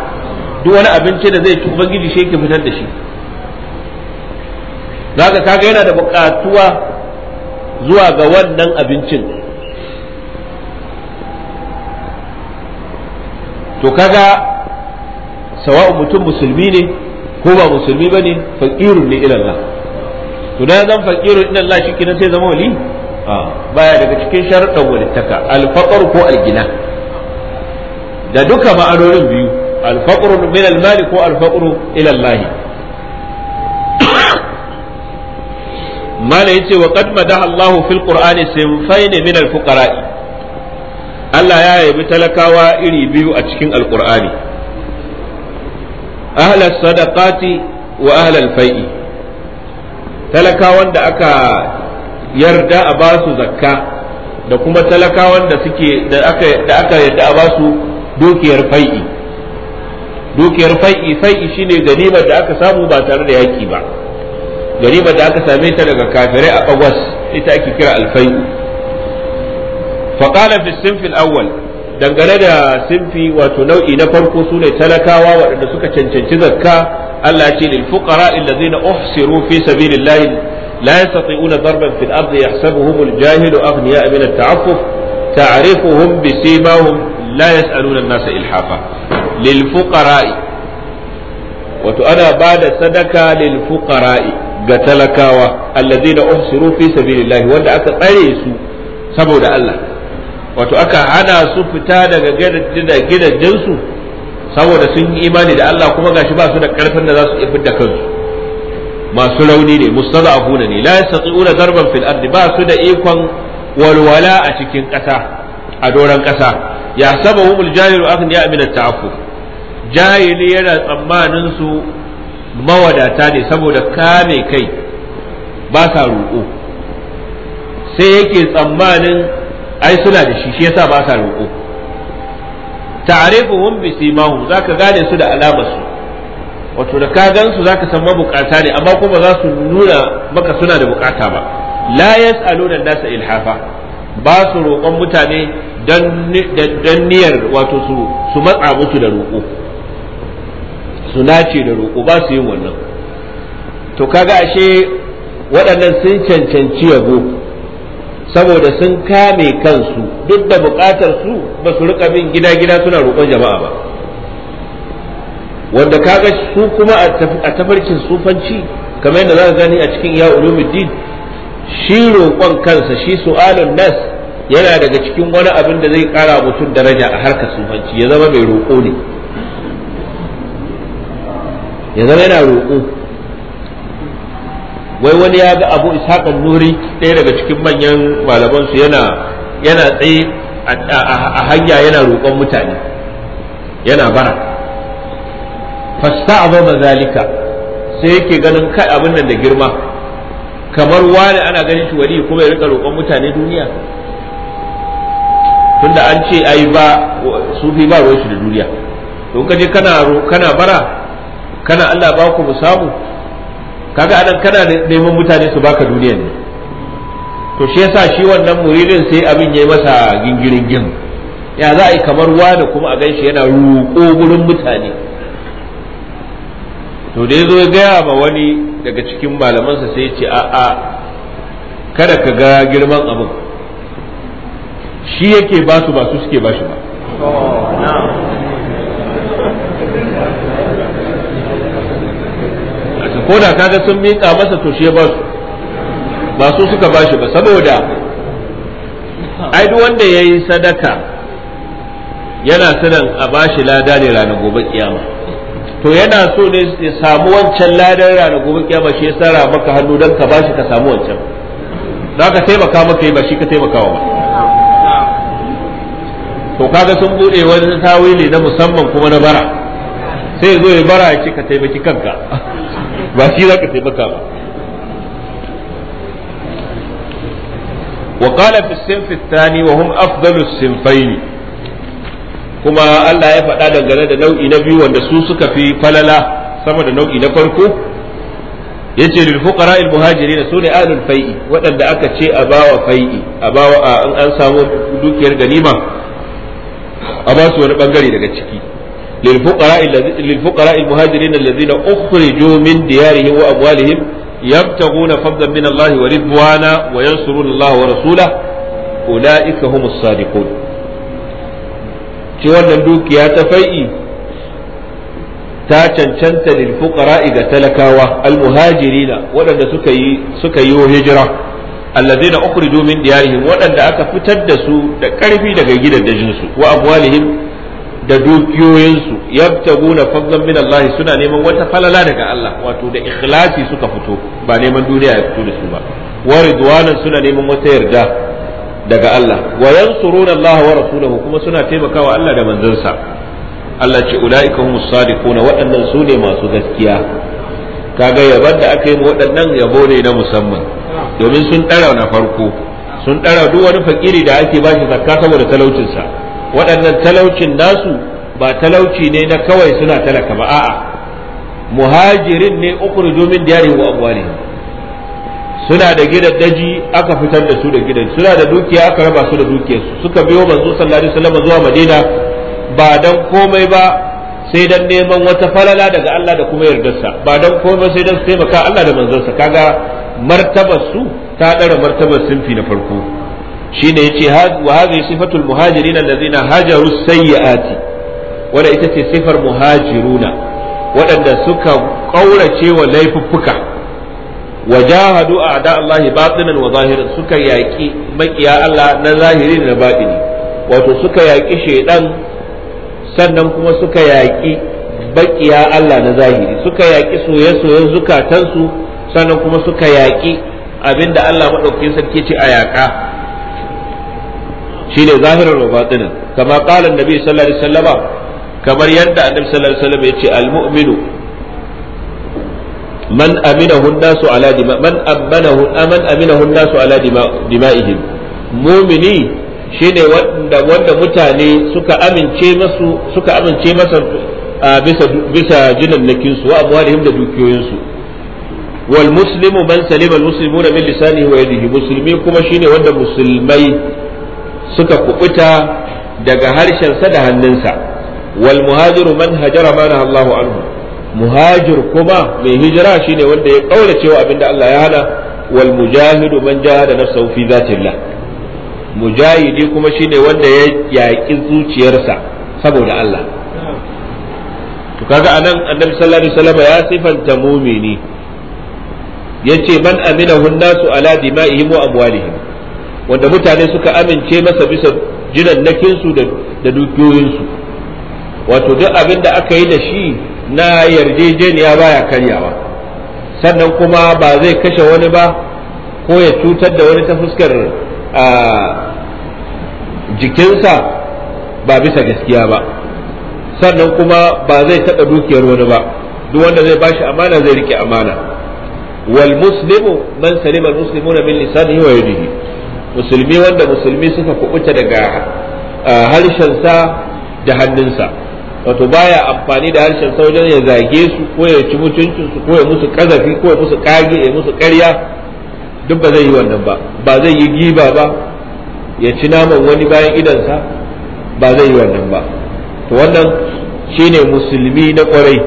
duk wani abinci da zai ci ubangiji shi yake fitar da shi zaka kaga yana da bukatuwa zuwa ga wannan abincin to kaga sawa'u mutum musulmi ne ko ba musulmi bane fakirun ne ila Allah to dan zan fakirun ila Allah shi kenan sai zama wali Ah, baya daga cikin sharuɗan walittaka alfaƙar ko algina da duka ma'anonin biyu alfaƙar min almali ko alfaƙar ilallahi Allah mala yace wa qad madaha Allah fil qur'ani sinfayn min alfuqara'i Allah ya yabi talakawa iri biyu a cikin alqur'ani ahla sadaqati wa ahla fai'i. talakawan da aka yarda a ba su zakka da kuma talakawan da suke da aka yarda a ba su dukiyar fai'i dukiyar fai'i fai'i shine ganimar da aka samu ba tare da yaki ba ganimar da aka same ta daga kafirai a bagwas ita ake kira alfai'u faqala fi sinfi al-awwal dangane da sinfi wato nau'i na farko sune talakawa waɗanda suka cancanci zakka Allah ya ce lil fuqara allazina uhsiru fi sabilillahi لا يستطيعون ضربا في الأرض يحسبهم الجاهل أغنياء من التعفف تعرفهم بسيماهم لا يسألون الناس إلحافا للفقراء وتؤنى بعد صدقة للفقراء قتلكاوة الذين أحصروا في سبيل الله وأن أكثروا سبب الله wato aka hana su fita daga gidajensu saboda sun yi imani da Allah kuma gashi ba su da karfin da za su iya fidda kansu masu rauni ne mustada'afuna ne la yastati'una darban fil ardi ba su da ikon walwala a cikin kasa a doran kasa ya sabahumul jahilu aghniya ya amina ta'afu jahili yana tsammanin su mawadata ne saboda kame kai ba sa roƙo sai yake tsammanin ai suna da shi shi yasa ba sa roƙo ta'rifuhum bi simahum zaka gane su da su. wato da ka gansu zaka san mabukata ne amma kuma za su nuna maka suna da bukata ba la yas'aluna nasa ilhafa ba su roƙon mutane dan niyyar wato su matsa musu da roƙo su nace da roƙo ba su yin wannan to kaga ashe waɗannan sun cancanci yabo saboda sun kame kansu duk da buƙatar su ba su rika bin gida-gida suna roƙon jama'a ba wanda kaga su kuma a tafarkin sufanci kamar yadda za ka gani a cikin ya ulumuddin shi roƙon kansa shi su'alun nas yana daga cikin wani abin da zai ƙara mutum daraja a harkar sufanci ya zama mai roƙo ne ya zama yana roƙo wai wani ya ga abu ishaƙan nuri ɗaya daga cikin manyan malamansu yana yana tsaye a hanya yana roƙon mutane yana bara fasta'zama zalika sai yake ganin kai abin nan da girma kamar wani ana ganin shi wali kuma ya rika roƙon mutane duniya tunda an ce ai ba sufi ba ruwan shi da duniya to ka je kana kana bara kana Allah ba ku samu kaga anan kana neman mutane su baka duniyar? ne to shi yasa shi wannan muridin sai abin yayi masa gingirin gin ya za a yi kamar wani kuma a ganshi yana roƙo gurin mutane to da ya zo ya gaya ma wani daga cikin malamansa sai ce a'a kada ka ga girman abin shi yake ba su ba su suke ba shi ba ko da kaga sun miƙa masa to shi ya ba su ba su suka ba shi ba saboda ai duk wanda ya yi sadaka yana sanan a ba shi lada ne ranar gobe kiyama to yana so ne ya samu wancan ladan rana gobe kiyama shi ya sara maka hannu dan ka bashi ka samu wancan Za ka taimaka maka yi ba shi ka taimakawa ba to kaga sun bude wani tawili na musamman kuma na bara sai zo ya bara ya ce ka taimaki kanka ba shi za ka taimaka ba وقال في الصنف الثاني وهم أفضل الصنفين kuma Allah ya faɗa dangane da nau'i na biyu wanda su suka fi falala sama da nau'i na farko yace lil fuqara al muhajirin sune ahlul fai'i waɗanda aka ce a bawa fai'i a bawa in an samu dukiyar ganima a ba su wani bangare daga ciki lil fuqara lil fuqara al muhajirin alladhina ukhriju min diyarihim wa amwalihim yabtaguna fadlan min Allah wa ridwana wa yansuruna Allah wa rasulahu ulaika humus sadiqun ce wannan dukiya ta fai'i ta cancanta lil fuqara'i ga talakawa al muhajirina waɗanda suka yi suka yi hijira allazina ukhriju min diyarihim waɗanda aka fitar da su da ƙarfi daga gidajen su wa abwalihim da dukiyoyinsu yabtaguna fadlan min Allah suna neman wata falala daga Allah wato da ikhlasi suka fito ba neman duniya ya fito da su ba wa ridwanan suna neman wata yarda daga Allah wa yansuruna Allah wa rasulahu kuma suna taimakawa Allah da manzansa Allah ce ulaika humus sadiqun waɗannan su ne masu gaskiya kaga yaban da aka yi mu waɗannan yabo ne na musamman domin sun ɗara na farko sun ɗara duk wani fakiri da ake bashi zakka saboda talaucinsa waɗannan talaucin nasu ba talauci ne na kawai suna talaka ba a'a muhajirin ne ukhrijum min diyarihim wa amwalihim suna da gidan daji aka fitar da su da gidan suna da dukiya aka raba su da su. suka biyo manzo sallallahu alaihi wasallam zuwa madina ba dan komai ba sai dan neman wata falala daga Allah da kuma yardarsa ba dan komai sai dan taimaka Allah da sa kaga martabar su ta dara martabar sunfi na farko shine yace wa hadhihi sifatul muhajirin alladhina hajaru sayyiati wala ita ce sifar muhajiruna waɗanda suka ƙaurace wa laifuffuka wajahadu a'da Allah batinan wa zahirin suka yaki makiya Allah na zahiri da batini wato suka yaki shedan sannan kuma suka yaki bakiya Allah na zahiri suka yaki soye zukatan zukatansu sannan kuma suka yaki abinda Allah madaukakin sarki ce a yaka shine zahirin wa batinan kama qala annabi sallallahu alaihi wasallam kamar yadda annabi sallallahu alaihi wasallam ya ce al-mu'minu man aminahu an-nasu ala dima man amanahu aman aminahu an-nasu ala dima'ihim shine wanda wanda mutane suka amince masu suka amince masa bisa bisa jinannakin su wa amwalihim da dukiyoyin su wal muslimu man salima al muslimuna min lisanihi wa yadihi muslimi kuma shine wanda musulmai suka kubuta daga harshen sa da hannunsa wal muhajiru man hajara ma Allahu anhu muhajir kuma mai hijira shine wanda ya ƙaunace wa abinda Allah ya hana wal mujahidu man jahada nafsahu fi zatillah mujahidi kuma shine wanda ya yaƙi zuciyarsa saboda Allah to kaga anan annabi sallallahu alaihi wasallam ya sifanta mumini yace man aminahu nasu ala dima'ihim wa amwalihim wanda mutane suka amince masa bisa jinannakinsu da dukiyoyinsu wato duk abin da aka yi da shi na yarjejeniya baya karyawa sannan kuma ba zai kashe wani ba ko ya cutar da wani ta fuskar jikinsa ba bisa gaskiya ba sannan kuma ba zai taɓa dukiyar wani ba duk wanda zai bashi amana zai rike amana wal muslimu man salima al muslimuna min lisanihi wa yadihi musulmi wanda musulmi suka kubuta daga harshensa da hannunsa wato baya amfani da harshen sa wajen ya zage su ko ya ci mutuncin su ko ya musu kazafi ko ya musu kage ya musu ƙarya duk ba zai yi wannan ba ba zai yi giba ba ya ci naman wani bayan idansa ba zai yi wannan ba to wannan shine musulmi na kwarai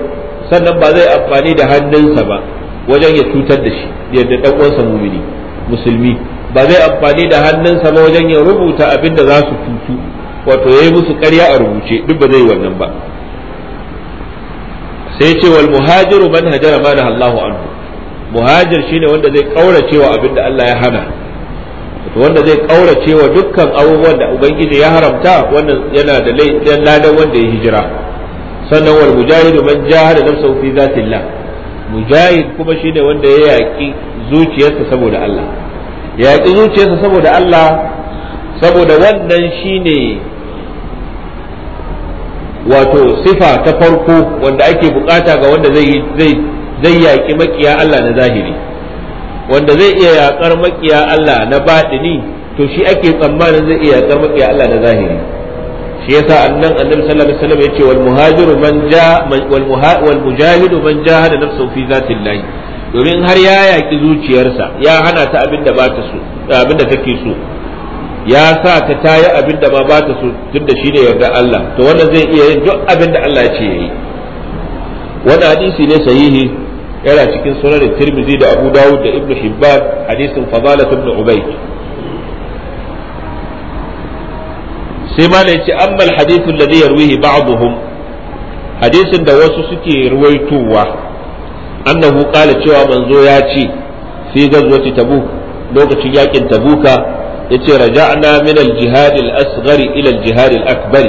sannan ba zai amfani da hannunsa ba wajen ya cutar da shi yadda dan uwansa mumini musulmi ba zai amfani da hannunsa ba wajen ya rubuta abin da za su cutu wato yayi musu ƙarya a rubuce duk ba zai wannan ba sai ce wal muhajiru man hajara ma Allahu anhu muhajir shine wanda zai kaurace wa abinda Allah ya hana wato wanda zai kaurace wa dukkan abubuwan da ubangiji ya haramta wannan yana da laifin ladan wanda ya hijira sannan wal mujahidu man jahada nafsahu fi zatillah mujahid kuma shine wanda ya yaki zuciyarsa saboda Allah ya yaki zuciyarsa saboda Allah saboda wannan shine wato sifa ta farko wanda ake bukata ga wanda zai yaƙi zai makiya Allah na zahiri wanda zai iya yaƙar makiya Allah na batini to shi ake tsammanin zai iya yaƙar makiya Allah na zahiri shi yasa annan annabi sallallahu alaihi wasallam yace wal muhajiru man ja wal wal mujahidu man jahada nafsuhu fi zatillah domin har ya yaƙi zuciyarsa ya hana ta abinda ba ta so abinda take so ya sa ta tayi abin da ma ba ta so tun da shine yarda Allah to wannan zai iya yin duk abin da Allah ya ce yayi wannan hadisi ne sahihi yana cikin sunan Tirmidhi da Abu Dawud da Ibn Hibban hadisin Fadalah ibn Ubayd sai ma ne ce amma alhadith alladhi yarwihi ba'dhum hadisin da wasu suke ruwaitowa annahu qala cewa manzo ya ce fi gazwati tabuk lokacin yakin tabuka yace raja'na min al-jihad al-asghar ila al-jihad al-akbar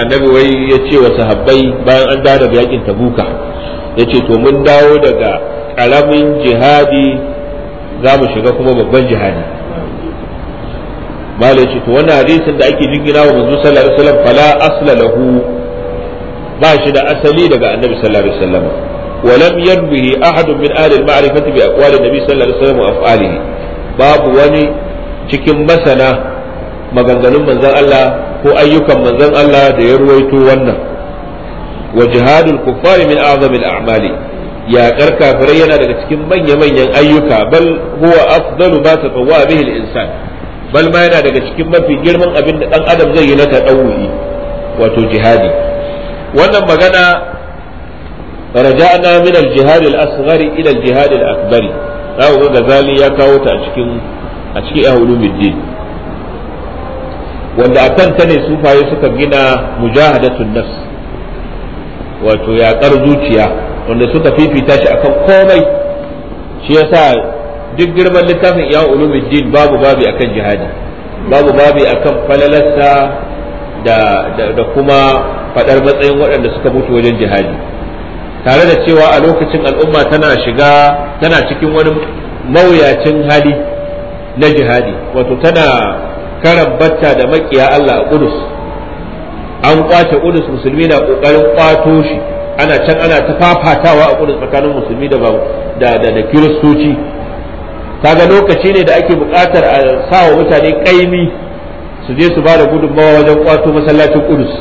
annabi wai yace wa sahabbai bayan an dawo daga yakin tabuka yace to mun dawo daga karamin jihadi za mu shiga kuma babban jihadi bala yace to wannan hadisin da ake jingina wa manzo sallallahu alaihi wasallam fala asla lahu ba shi da asali daga annabi sallallahu alaihi wasallam ولم يروه أحد من أهل المعرفة بأقوال النبي صلى الله عليه وسلم وأفعاله باب وني cikin masana maganganun manzon Allah ko ayyukan manzon Allah da ya ruwaito wannan wa jihadul kuffari min a'zamil a'mali ya kafirai yana daga cikin manya-manyan ayyuka bal huwa afdalu ma tatawwa bihi al-insan bal ma yana daga cikin mafi girman abin da dan adam zai yi na tadawuyi wato jihadi wannan magana raja'na min al-jihad al-asghar ila al-jihad al-akbar ga Zali ya kawo ta a cikin a cikin ulumuddin wanda a kan ta ne sufaye suka gina mujahadatun nafs wato yaƙar zuciya wanda suka fifita shi akan komai shi yasa duk girman littafin ya ulumuddin babu babi akan jihadi babu babi akan falalarsa da, da, kuma fadar matsayin waɗanda suka mutu wajen jihadi tare da cewa a lokacin al'umma tana shiga tana cikin wani mawuyacin hali na jihadi wato tana karambatta da makiya Allah a Qudus an kwace Qudus musulmi na kokarin kwato shi ana can ana ta fafatawa a Qudus tsakanin musulmi da da da, da kiristoci kaga lokaci ne da ake buƙatar a sawa mutane kaimi su je su bada gudunmawa wajen kwato masallacin Qudus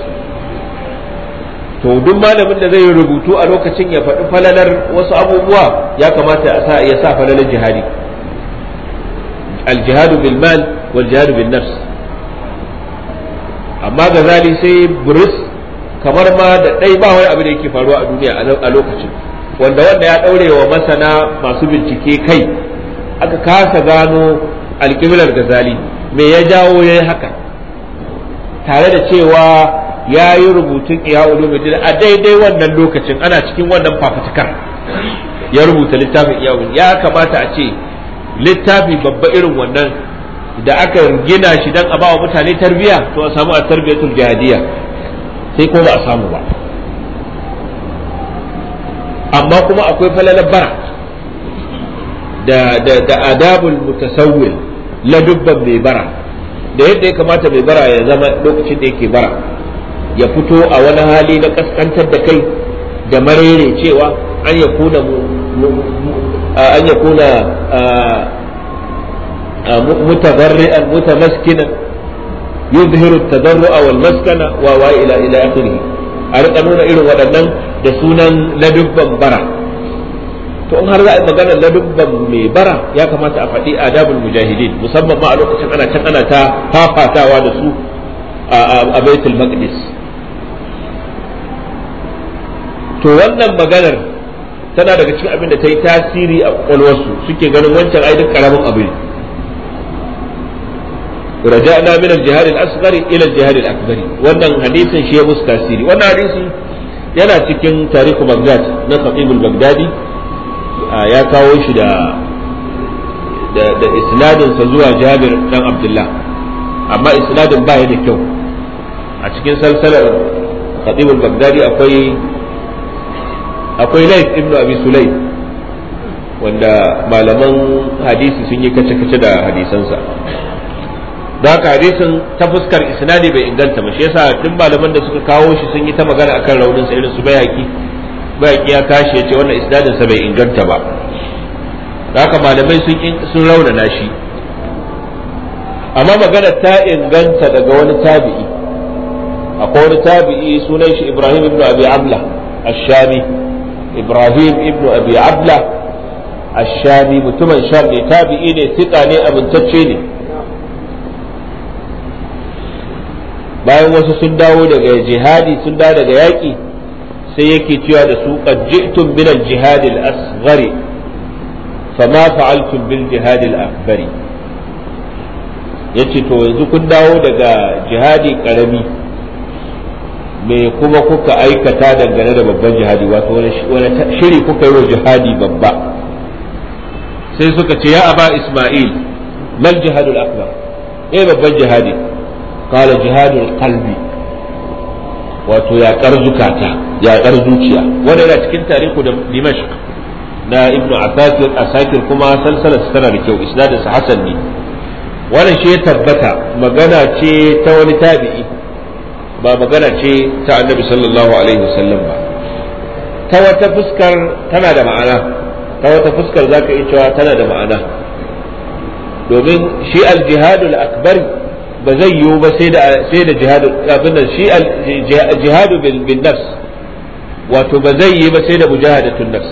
to duk malamin da zai yi rubutu a lokacin ya faɗi falalar wasu abubuwa ya kamata ya sa falalar jihadi aljihadu بالمال والجهاد بالنفس amma bin zali gazali sai buris kamar ma da ɗai ba wani abu da yake faruwa a duniya a lokacin wanda wanda ya ɗaure wa masana masu bincike kai aka kasa gano alƙiblar gazali me ya jawo ya yi haka tare da cewa ya yi rubutun iya ulumuddin a daidai wannan lokacin ana cikin wannan fafutukar ya rubuta littafin iya ya kamata a ce littafi babba irin wannan da aka gina shi don a bawa mutane tarbiyya, to a samu a tarbiyatul jihadiyya sai ko ba a samu ba amma kuma akwai falalar bara da adabul mutasawwil ladubban mai bara da yadda ya kamata mai bara ya zama lokacin da yake bara ya fito a wani hali na kaskantar da kai da marere cewa an ya kuna an yakuna mutabarri'an mutamaskinan yuzhiru at-tadarru'a wal maskana wa wa a rika nuna irin waɗannan da sunan ladubban bara to in har za a yi maganar ladubban mai bara ya kamata a faɗi adabul mujahidin musamman ma a lokacin ana can ana ta fafatawa da su a baitul maqdis to wannan maganar tana daga cikin abin da ta yi tasiri a kwakwalwarsu suke ganin wancan ai duk karamin abu ne raja'na min al-jihad al-asghar ila al-jihad al-akbar wannan hadisin shi ya musu tasiri wannan hadisi yana cikin tarihu Baghdad na Khatib al-Baghdadi ya kawo shi da da isnadin sa zuwa Jabir dan Abdullah amma isnadin ba ya da kyau a cikin salsalar Khatib al-Baghdadi akwai akwai laif ibn abi sulay wanda malaman hadisi sun yi kace-kace da hadisansa da haka hadisin ta fuskar isnadi bai inganta ba shi yasa duk malaman da suka kawo shi sun yi ta magana akan raunin sa irin su bayaki bayaki ya kashi yace wannan isnadin sa bai inganta ba da haka malamai sun sun raunana shi amma magana ta inganta daga wani tabi'i akwai wani tabi'i sunan shi Ibrahim ibn Abi Amla ash-Shami ibrahim ibnu abi abla ashami mutumin sham ne tabi'i ne tika ne amintacce ne bayan wasu sun dawo daga jihadi sun dawo daga yaƙi sai yake cewa da su qad ji'tum min jihad al-asghar fama fa'altum bil jihad al-akbar yace to yanzu kun dawo daga jihadi karami me kuma kuka aikata dangane da babban jihadi wato wani shiri kuka yi wa jihadi babba sai suka ce ya aba isma'il mal jihadul akbar eh babban jihadi kala jihadul qalbi wato yaƙar zukata yaƙar zuciya wanda yana cikin tarihu da dimashq na ibn asakir asakir kuma salsalar tana da kyau isnadin sa hasan ne wannan shi ya tabbata magana ce ta wani tabi'i ba magana ce ta annabi sallallahu alaihi wasallam ba ta wata fuskar tana da ma'ana ta wata fuskar zaka iya cewa tana da ma'ana domin shi aljihadul akbar ba zai yiwu ba sai da jihadu abin nan shi jihadu bin nafs wato ba zai yi ba sai da mujahadatun nafs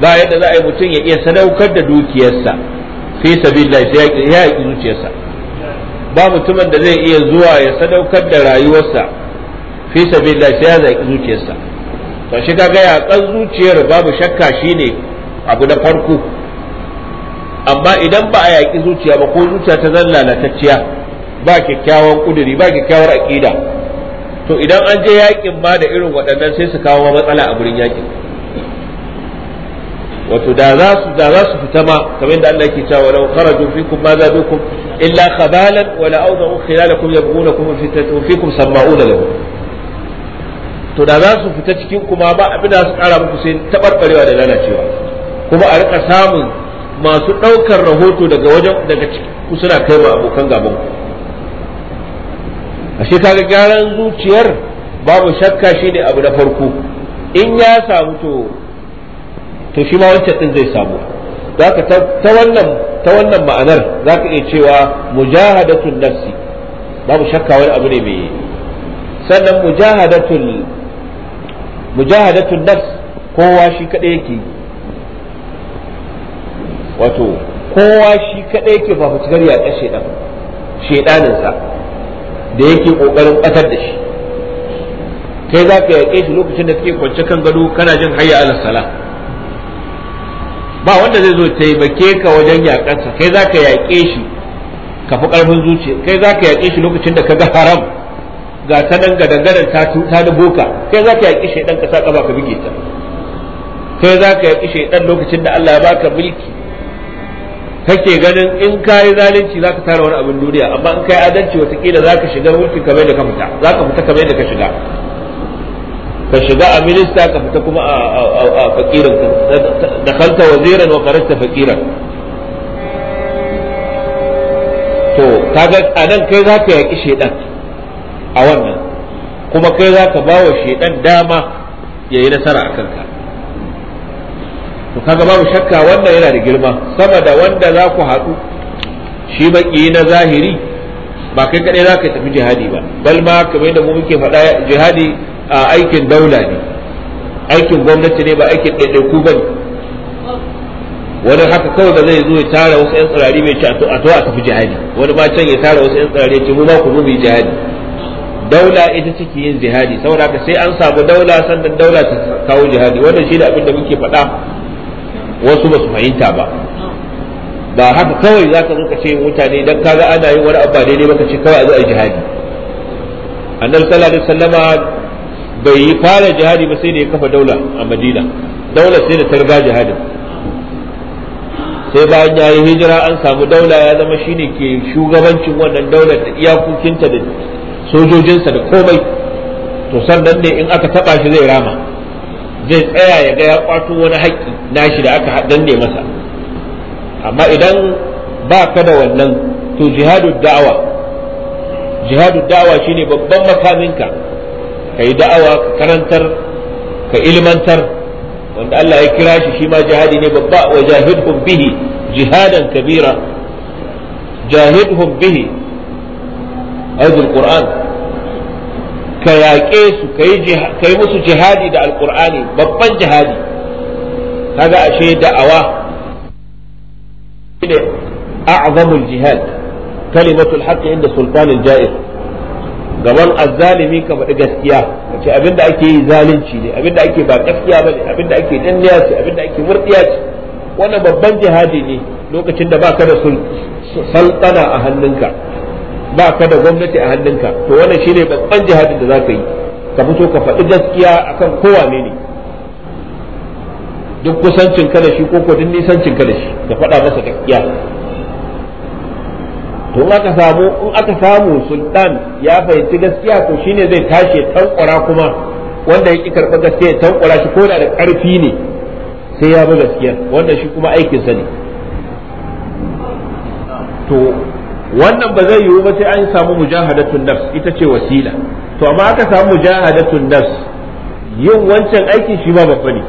ba yadda za a yi mutum ya iya sadaukar da dukiyarsa fi sabilillah sai ya yi zuciyarsa ba mutumin da zai iya zuwa ya sadaukar da rayuwarsa fi sabilillah sai ya zaki zuciyarsa to shi kaga ya kan zuciyar babu shakka shine abu na farko amma idan ba a yaƙi zuciya ba ko zuciya ta zan lalatacciya ba kyakkyawan kuduri ba kyakkyawar aƙida to idan an je yaƙin ma da irin waɗannan sai su kawo matsala a wurin yaƙin wato da za su da za su fita ma kamar yadda Allah yake cewa law kharaju fikum ma zadukum illa khabalan wa la awdahu khilalakum yabghunakum fitnatan fikum sama'una lahu to da za su fita cikin kuma ba abin da su kara muku sai tabarbarewa da lalacewa kuma a rika samun masu daukar rahoto daga wajen daga ku suna kai ma abokan gaban ku ashe kaga gyaran zuciyar babu shakka shine abu na farko in ya samu to to shi ma wancan din zai samu zaka ta wannan ta wannan ma'anar zaka iya cewa mujahadatul nafsi babu shakka wani abu ne mai sannan mujahadatul mujahadatul nafs kowa shi kadai yake wato kowa shi kadai yake ba fitar ya shedan shedanin sa da yake kokarin batar da shi kai za ka yaƙe shi lokacin da kake kwance kan gado kana jin hayya ala salat ba wanda zai zo taimake ka wajen yaƙarsa kai za ka yaƙe shi ka fi ƙarfin zuciya kai za ka yaƙe shi lokacin da ka ga haram ga ta nan ga dangaren ta dubo ka kai za ka yaƙe shi ɗan ƙasa ƙafa ka buge ta kai za ka yaƙi ɗan lokacin da Allah ya baka mulki kake ganin in ka yi zalunci za ka tara wani abin duniya amma in ka yi adalci watakila za ka shiga mulki kamar da ka fita za ka fita kamar da ka shiga ka shiga a minista ka fita kuma a fakirin da kanta waziran wa karanta fakiran to kaga a nan kai za ka yaƙi shaidan a wannan kuma kai za ka ba shaidan dama ya yi nasara a kanka to kaga babu shakka wannan yana da girma sama wanda za ku haɗu shi baki na zahiri ba kai kaɗai za ka tafi jihadi ba bal ma kamar da mu muke faɗa jihadi A aikin daula ne aikin gwamnati ne ba aikin ɗaiɗaiku ba ne wani haka kawai da zai zo ya tara wasu 'yan tsirari mai ci a to a tafi jihadi wani ma can ya tara wasu 'yan tsirari ci mu ma ku mu yi jihadi daula ita ciki yin jihadi saboda ka sai an samu daula sannan daula ta kawo jihadi wannan shi da abin da muke faɗa wasu ba su fahimta ba ba haka kawai za ka zo ka ce mutane dan ga ana yin wani abu daidai baka ce kawai a zo a jihadi annabi sallallahu alaihi wasallama bai yi fara jihadi ba sai da ya kafa daula a madina daula sai da ta targa jihadin sai bayan ya yi hijira an samu daula ya zama shine ke shugabancin wannan daular da iyakokinta da sojojinsa da komai to sannan ne in aka taba shi zai rama zai tsaya ya ga ya kwato wani haƙƙi nashi da aka danne masa amma idan ba ka da wannan to jihadu da'awa jihadu da'awa shine babban makaminka ka yi da'awa ka karantar ka ilmantar wanda Allah ya kira shi shi ma jihadi ne babba wa jahidhum bihi jihadan kabira jahidhum bihi ayyul qur'an ka yaƙe su ka yi musu jihadi da alkur'ani babban jihadi kaga ashe da'awa shine a'zamul jihad kalimatul haqqi inda sultanul ja'ir gaban azzalimi ka faɗi gaskiya ka ce abinda ake yi zalunci ne abinda ake ba gaskiya ba ne abinda ake danniya ce abinda ake murdiya ce wannan babban jihadi ne lokacin da baka da sultana a hannunka baka da gwamnati a hannunka to wannan shine babban jihadin da zaka yi ka fito ka faɗi gaskiya akan kowa ne ne duk kusancin ka da shi ko ko duk nisancin ka da shi ka faɗa masa gaskiya to in aka samu in aka samu sultan ya fahimci gaskiya to shine zai tashi tankwara kuma wanda ya ki karɓar gaskiya tankwara shi ko da da ƙarfi ne sai ya bi gaskiya wanda shi kuma aikinsa ne to wannan ba zai yiwu ba sai an samu mujahadatun nafs ita ce wasila to amma aka samu mujahadatun nafs yin wancan aikin shi ma babba ne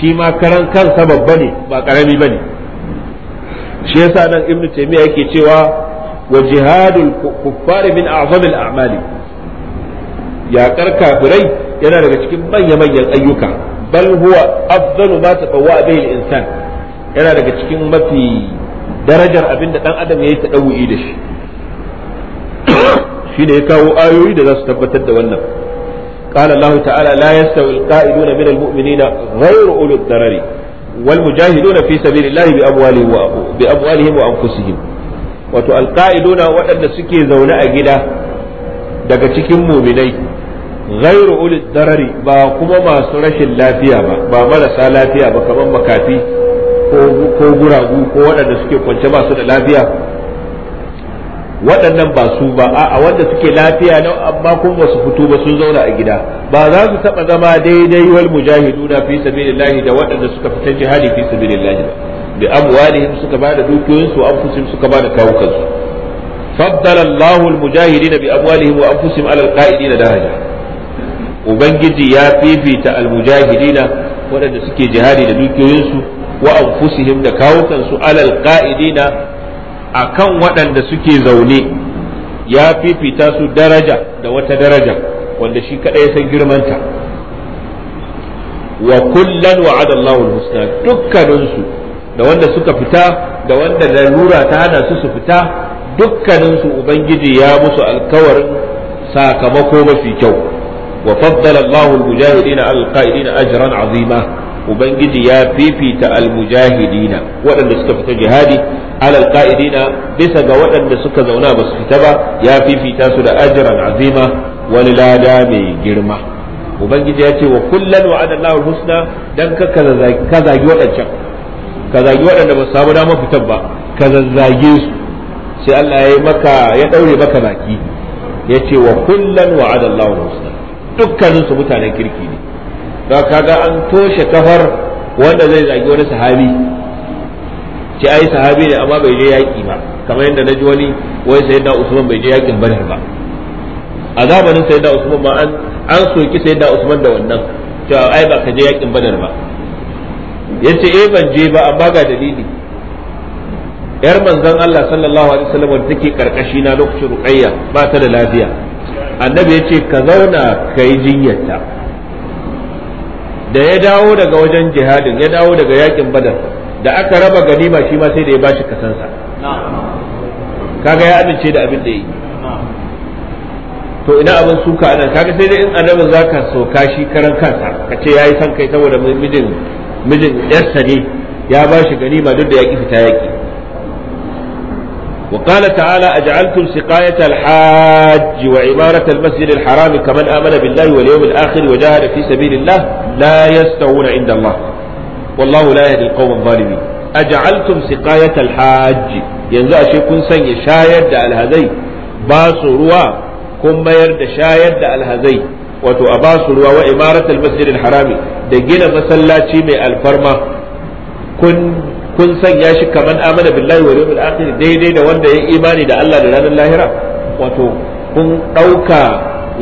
shi ma karan kansa babba ne ba karami ba ne shi yasa nan ibnu taymiya yake cewa wa jihadul kuffari min a'zamil a'mali yaƙar kafirai yana daga cikin manya manyan ayyuka bal huwa afdalu ma tatawwa bihi al-insan yana daga cikin mafi darajar ɗan adam dan adam yayi ɗau'i da shi shine ya kawo ayoyi da za su tabbatar da wannan قال الله تعالى لا يستوي القائدون من المؤمنين غير أولو الضرر wal mujahiduna fi sabilillahi bi amwalihim wa bi wa anfusihim wato alqaiduna waɗanda suke zaune a gida daga cikin muminai ghairu ulil darari ba kuma masu rashin lafiya ba ba marasa lafiya ba kamar makafi ko guragu ko waɗanda suke kwance masu da lafiya waɗannan ba su ba a wanda suke lafiya nan amma kuma ba su fito ba sun zauna a gida ba za su taɓa zama daidai wal mujahiduna fi sabilillahi da waɗanda suka fita jihadi fi sabilillahi ba bi amwalihim suka ba da dukiyoyinsu anfusihim suka ba da kawukansu faddala Allahu al mujahidina bi amwalihim wa anfusihim ala al qa'idina daraja ubangiji ya fifita al mujahidina waɗanda suke jihadi da dukiyoyinsu wa anfusihim da kawukansu ala al qa'idina akan waɗanda suke zaune ya fifita su daraja da wata daraja wanda shi kaɗai ya san girmanta wa kullan wa'ada Allahul husna dukkaninsu da wanda suka fita da wanda lalura ta hana su su fita dukkaninsu ubangiji ya musu alkawarin sakamako mafi kyau wa faddala Allahul mujahidina alqaidina ajran azima ubangiji ya fifita almujahidina waɗanda suka fita jihadi alal qa'idina bisa ga waɗanda suka zauna ba su fita ba ya fifita su da ajran azima wani lada mai girma ubangiji ya ce wa kullan wa'ada Allahu husna dan ka ka zagi waɗancan ka zagi waɗanda ba su samu damar fitar ba ka zazzage su sai Allah ya maka ya daure maka baki ya ce wa kullan wa'ada Allahu husna dukkanin su mutanen kirki ne da kaga an toshe kafar wanda zai zagi wani sahabi ce ai sahabi ne amma bai je yaƙi ba kamar yadda na ji wani wai sai da usman bai je yaƙin badar ba a zamanin sai da usman ba an an soki sai da usman da wannan cewa ai ba ka je yaƙin badar ba yace eh ban je ba amma ga dalili yar manzon Allah sallallahu alaihi wasallam wanda take karkashi na lokacin ruqayya ba ta da lafiya annabi yace ka zauna kai jinyarta da ya dawo daga wajen jihadin ya dawo daga yakin badar da aka raba ganima shi ma sai da ya bashi kasansa kaga ya amince da abin da yi to ina abin suka anan kaga sai dai in annabin zaka soka shi karan kansa ka ce yayi san kai saboda mijin mijin yarsa ne ya bashi ganima duk da yaki fita yaki وقال تعالى أجعلتم سقاية الحاج وعمارة المسجد الحرام كمن آمن بالله واليوم الآخر وجاهد في سبيل الله لا يستوون عند الله والله لا يهدي القوم الظالمين أجعلتم سقاية الحاج yanzu ashe kun sanya shayar da alhazai ba su ruwa kun mayar da shayar da alhazai wato a ba su ruwa wa imaratul masjidil harami da gina masallaci mai alfarma kun kun sanya shi kaman amana billahi wa yawmil akhir daidai da wanda ya imani da Allah da ranar lahira wato kun dauka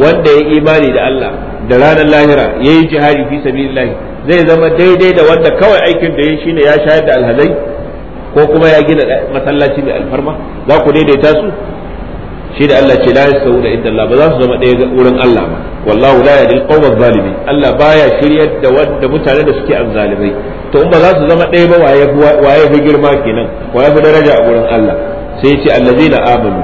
wanda ya imani da Allah da ranar lahira yayi jihadi fi sabilillah zai zama daidai da wanda kawai aikin da yayi shine ya shayar da alhazai ko kuma ya gina masallaci mai alfarma za ku daidaita su Shida Allah ce la yasawu da inda Allah ba za su zama ɗaya wurin Allah ba wallahu la yadil qawmaz zalimin Allah baya shiryar da wanda mutane da suke azzalimai to in ba za su zama ɗaya ba waye waye fi girma kenan waye fi daraja a wurin Allah sai ce allazina amanu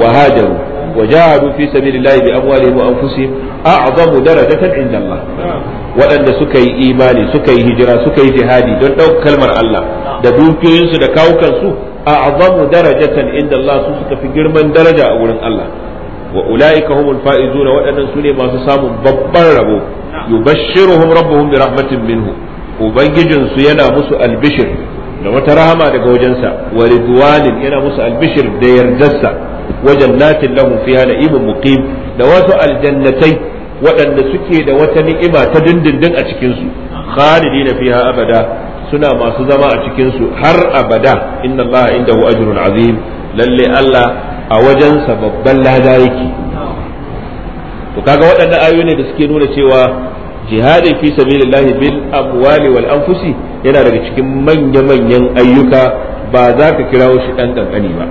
wa hajaru wa jahadu fi sabilillahi bi amwalihim wa anfusihim a'zamu darajatan inda Allah waɗanda suka yi imani suka yi hijira suka yi jihadi don ɗaukar kalmar Allah da dukiyoyinsu da kawukansu a'zamu darajatan inda Allah su suka fi girman daraja a wurin Allah wa ulaika humul faizuna waɗannan su masu samun babban rabo yubashshiruhum rabbu bi rahmatin minhu ubangijin yana musu albishir da wata rahama daga wajensa wa ridwanin yana musu albishir da yardarsa wa jannatin lahum fiha na'imun muqim da wasu aljannatai waɗanda suke da wata ni'ima ta dindindin a cikinsu, su khalidina fiha abada suna masu zama a cikinsu har abada inna allaha indahu ajrun azim lalle Allah a wajensa babban lada yake to kaga waɗannan ayoyi ne da suke nuna cewa jihadi fi sabilillahi bil amwali wal anfusi yana daga cikin manya-manyan ayyuka ba za ka kirawo shi dan kankani ba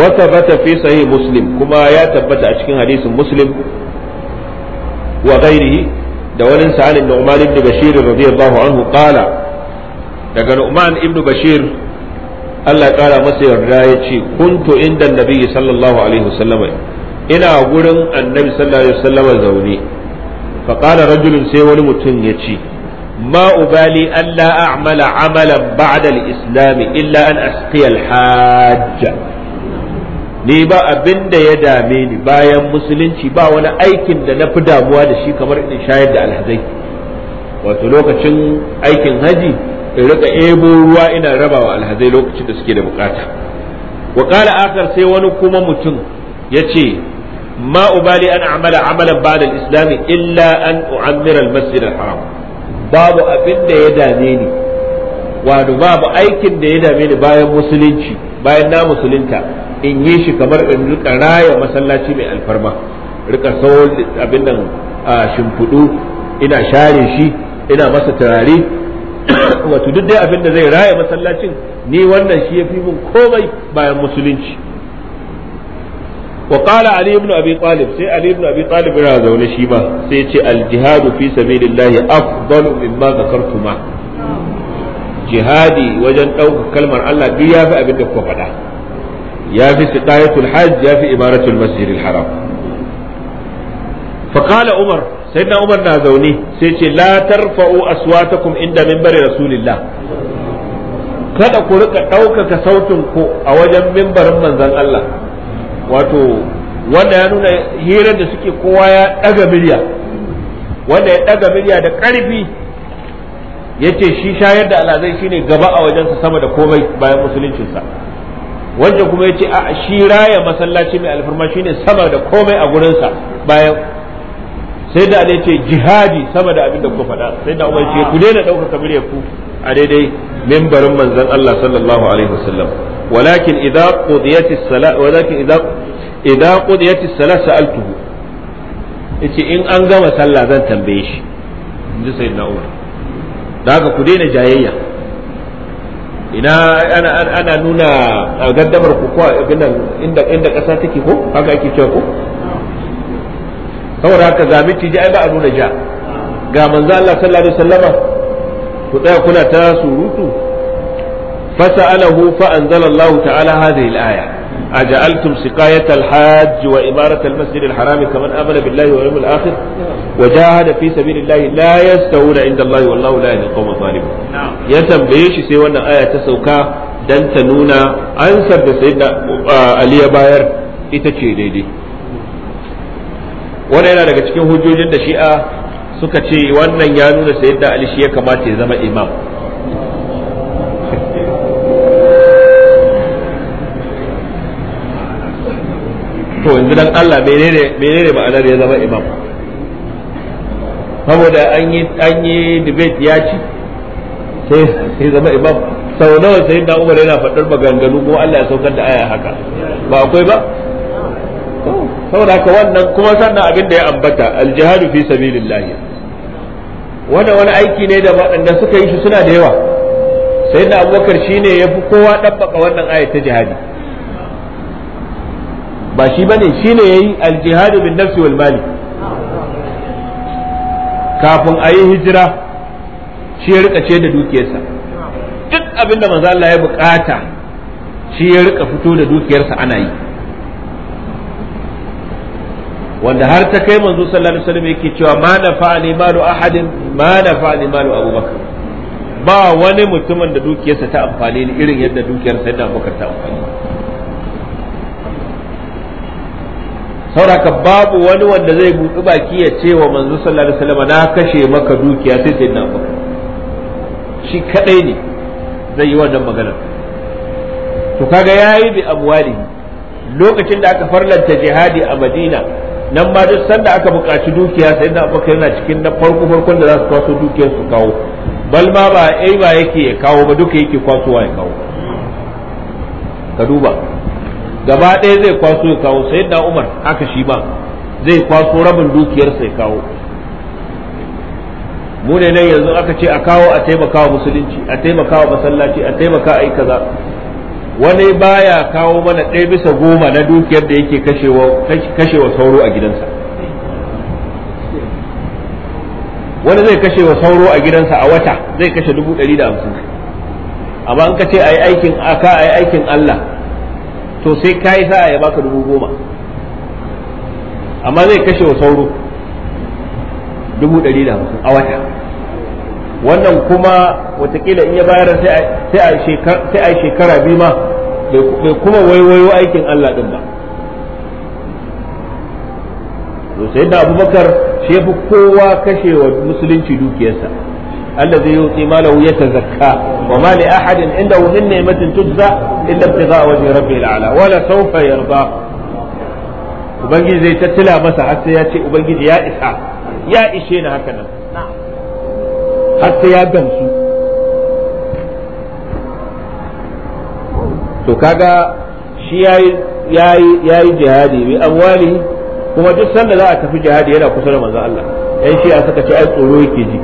wa tabbata fi sahih muslim kuma ya tabbata a cikin hadisin muslim wa ghairihi da wani sa'alin nu'man ibn bashir radiyallahu anhu qala daga nu'man ibn bashir Allah ya kara masa yarda ya ce kuntu inda nabi sallallahu alaihi wasallama ina gurin annabi sallallahu alaihi zaune fa qala rajulun sai wani mutum ya ce ما أبالي ألا أعمل عملا بعد الإسلام an أن أسقي الحاج ni ba abin da ya dame ni bayan musulunci ba wani aikin da na fi damuwa da shi kamar in shayar da alhazai wato lokacin aikin haji in rika ebo ruwa ina rabawa alhazai lokacin da suke da bukata wa qala sai wani kuma mutum ce ma ubali an amala amalan ba'da al illa an u'ammira al-masjid al-haram babu abin da ya dame ni wato babu aikin da ya dame ni bayan musulunci bayan na musulunta in yi shi kamar in rika raya masallaci mai alfarma rika sauran abin nan shimfiɗu ina share shi ina masa turare wato duk dai abin da zai raya masallacin ni wannan shi ya fi mun komai bayan musulunci وقال علي بن ابي طالب سي علي بن yana zaune shi ba sai ya ce aljihadu fi sabilillahi afdalu mimma karkuma. jihadi wajen ɗaukar kalmar Allah duk ya fi abin da kuka faɗa ya fi siqayatul hajj ya fi imaratul masjidil haram فقال Umar. sai na umar na zaune sai ce la tarfa'u aswatakum inda minbari rasulillah kada ku rika ɗaukaka sautin ku a wajen mimbarin manzon Allah wato wanda ya nuna hirar da suke kowa ya ɗaga miliya wanda ya ɗaga miliya da ƙarfi ya ce shi shayar da alazai shine gaba a wajensa sama da komai bayan musuluncinsa wanda kuma ya ce a shi raya masallaci mai alfarma shine sama da komai a gurinsa bayan sai da ne ce jihadi sama da abin da kuka faɗa sai da umar ce ku daina ɗaukaka muryar ku a daidai membarin manzon Allah sallallahu alaihi wasallam walakin idza qudiyat as-salat walakin idza idza qudiyat as-salat sa'altuhu yace in an gama sallah zan tambaye shi inji sayyidina umar da haka ku daina jayayya ina ana ana nuna gaddamar ku ko inda inda kasa take ko haka ake cewa ko saboda haka zamiti ji ai ba a ja ga manzo Allah sallallahu alaihi wasallama kuna ta surutu fasalahu fa anzala Allah ta'ala hadhihi al-aya aja'altum siqayata tambaye shi sai wannan aya ta sauka dan nuna ansar da sayyida uh, bayar ita ce daidai Wani yana daga cikin hujjojin da shi'a suka ce wannan ya nuna sai ali shi ya kamata ya zama imam to yanzu dan Allah menene menene ma'anar ya zama imam saboda an yi an yi debate ya ci sai sai zama imam sau nawa sai da Umar yana faɗar maganganu ko Allah ya saukar da aya haka ba akwai ba saboda haka wannan kuma sannan abin da ya ambata aljihadu fi sabilillah wannan wani aiki ne da waɗanda suka yi shi suna da yawa sai da abubakar shine ya fi kowa ɗabbaka wannan ayat ta jihadi ba shi bane shine yayi aljihadu bin nafsi wal mali kafin a yi hijira shi ya rika ce da dukiyarsa duk abin da manzo Allah ya bukata shi ya rika fito da dukiyarsa ana yi wanda har ta kai manzo sallallahu alaihi wasallam yake cewa ma nafa'ani malu ahadin ma nafa'ani malu abubakar ba wani mutumin da dukiyarsa ta amfani ni irin yadda dukiyar da abubakar ta amfani sauraka babu wani wanda zai buɗi baki ya ce wa manzo sallallahu alaihi wasallam na kashe maka dukiya sai sai da abubakar shi kadai ne zai yi wannan maganar to kaga yayi bi abwali lokacin da aka farlanta jihadi a Madina nan ma duk sanda aka buƙaci dukiya sai da aka yana cikin na farko farkon da za su kwaso dukiyar su kawo bal ma ba ai ba yake ya kawo ba duka yake kwasowa ya kawo ka duba gaba ɗaya zai kwaso ya kawo sai da umar haka shi ba zai kwaso rabin dukiyar sai kawo mu ne nan yanzu aka ce a kawo a taimakawa musulunci a taimakawa masallaci a taimaka yi kaza wani baya kawo mana ɗaya bisa goma na dukiyar da yake kashewa sauro a gidansa wani zai kashewa sauro a gidansa a wata zai kashe dubu ɗari da hamsin amma in ka ce a yi aikin aka a yi aikin Allah to sai ka yi sa'a ya baka dubu goma amma zai kashewa sauro dubu ɗari da hamsin a wata wannan kuma watakila in ya bayar sai a shekara biyu ma bai kuma waiwayo aikin Allah din ba to sai da abubakar shi fi kowa kashe wa musulunci dukiyarsa Allah zai yi wuce malahu ya zakka. wa ma li ahadin inda min ni'matin tujza illa wajhi rabbil ala wala sawfa yarda ubangiji zai tattala masa har sai ya ce ubangiji ya isa ya ishe ni haka nan har sai ya gamsu to kaga shi yayi yayi yayi jihadi bi amwali kuma duk sanda za a tafi jihadi yana kusa da manzo Allah yan shi suka ce ai tsoro yake ji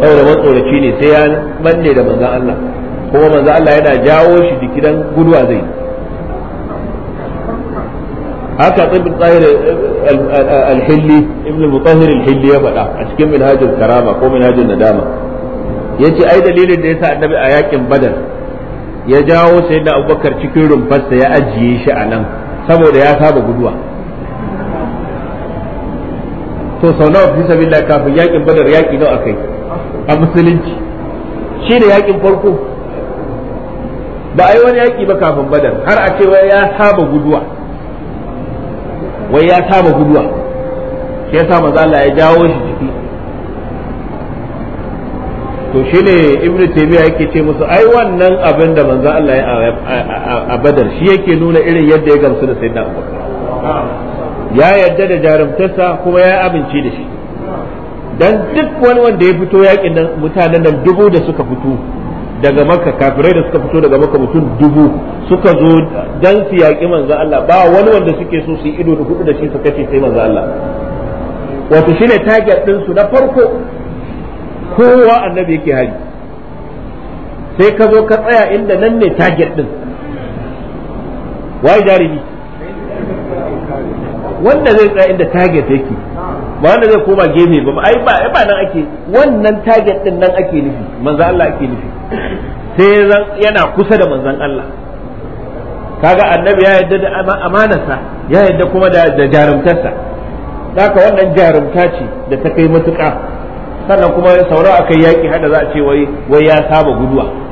saboda matsoraci ne sai ya manne da manzo Allah kuma manzo Allah yana jawo shi gudu a zai yi haka ibn tahir al-hilli ibn mutahhir al-hilli ya faɗa a cikin minhajul karama ko minhajul nadama ya yace ai dalilin da ya sa annabi a yakin badar ya jawo sayyidina abubakar cikin rumfarsa ya ajiye shi a nan saboda ya saba guduwa to sau nawa fi sabilillah kafin yakin badar yaƙi nawa akai a musulunci shi ne yakin farko ba a yi wani yaƙi ba kafin badar har a ce ya saba guduwa wai ya saba guduwa shi yasa manzo Allah ya jawo shi jiki to shi ne ibnu taymiya yake ce musu ai wannan abin da manzo Allah ya a badar shi yake nuna irin yadda ya gamsu da sayyidina abubakar ya yarda da jarumtarsa kuma ya amince da shi dan duk wani wanda ya fito yakin nan mutanen nan dubu da suka fito daga maka kafirai da suka fito daga maka mutum dubu suka zo dan su yaƙi Allah ba wani wanda suke so su yi ido da hudu da shi su kace sai manzo Allah wato shine target din su na farko kowa annabi yake hari sai ka zo ka tsaya inda nan ne target din wai jarumi wanda zai tsaya inda target yake ba wanda zai koma gefe ba ai ba ba nan ake wannan target din nan ake nufi manzon Allah ake nufi sai yana kusa da manzon Allah kaga annabi ya yadda da amanarsa ya yadda kuma da jarumtarsa haka wannan jarumta ce da ta kai matuƙa sannan kuma a akai yaki hada za a ce wai wai ya saba guduwa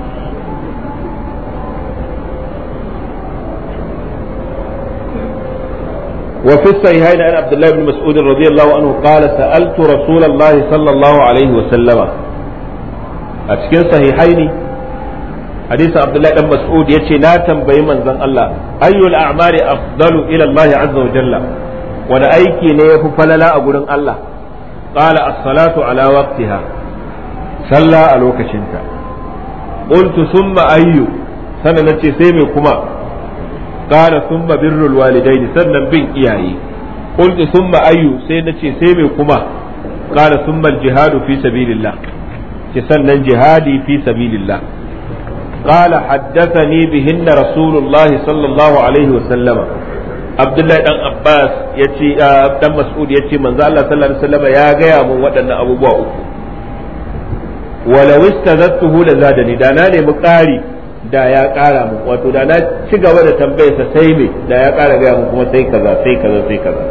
وفي الصحيحين عن عبد الله بن مسعود رضي الله عنه قال سألت رسول الله صلى الله عليه وسلم أتكين صحيحين حديث عبد الله بن مسعود يتي لا تنبي من زن الله أي الأعمال أفضل إلى الله عز وجل ولا أيكي نيه فللا أقول الله قال الصلاة على وقتها صلى ألوك شنك قلت ثم أي سنة نتي سيمي كما qala thumma birrul walidaini sannan bin iyaye qultu thumma ayyu sai nace sai me kuma qala thumma jihadu fi sabilillah ce sannan jihadi fi sabilillah قال حدثني بهن رسول الله صلى الله عليه وسلم عبد الله بن عباس يتي بن مسعود يتي من الله صلى الله عليه وسلم يا غيا من ودن ابو بكر ولو استزدته لزادني دانا ne mu ƙari da ya ƙara mu wato da na ci gaba da tambayarsa sai me da ya ƙara gaya mu kuma sai kaza sai kaza sai kaza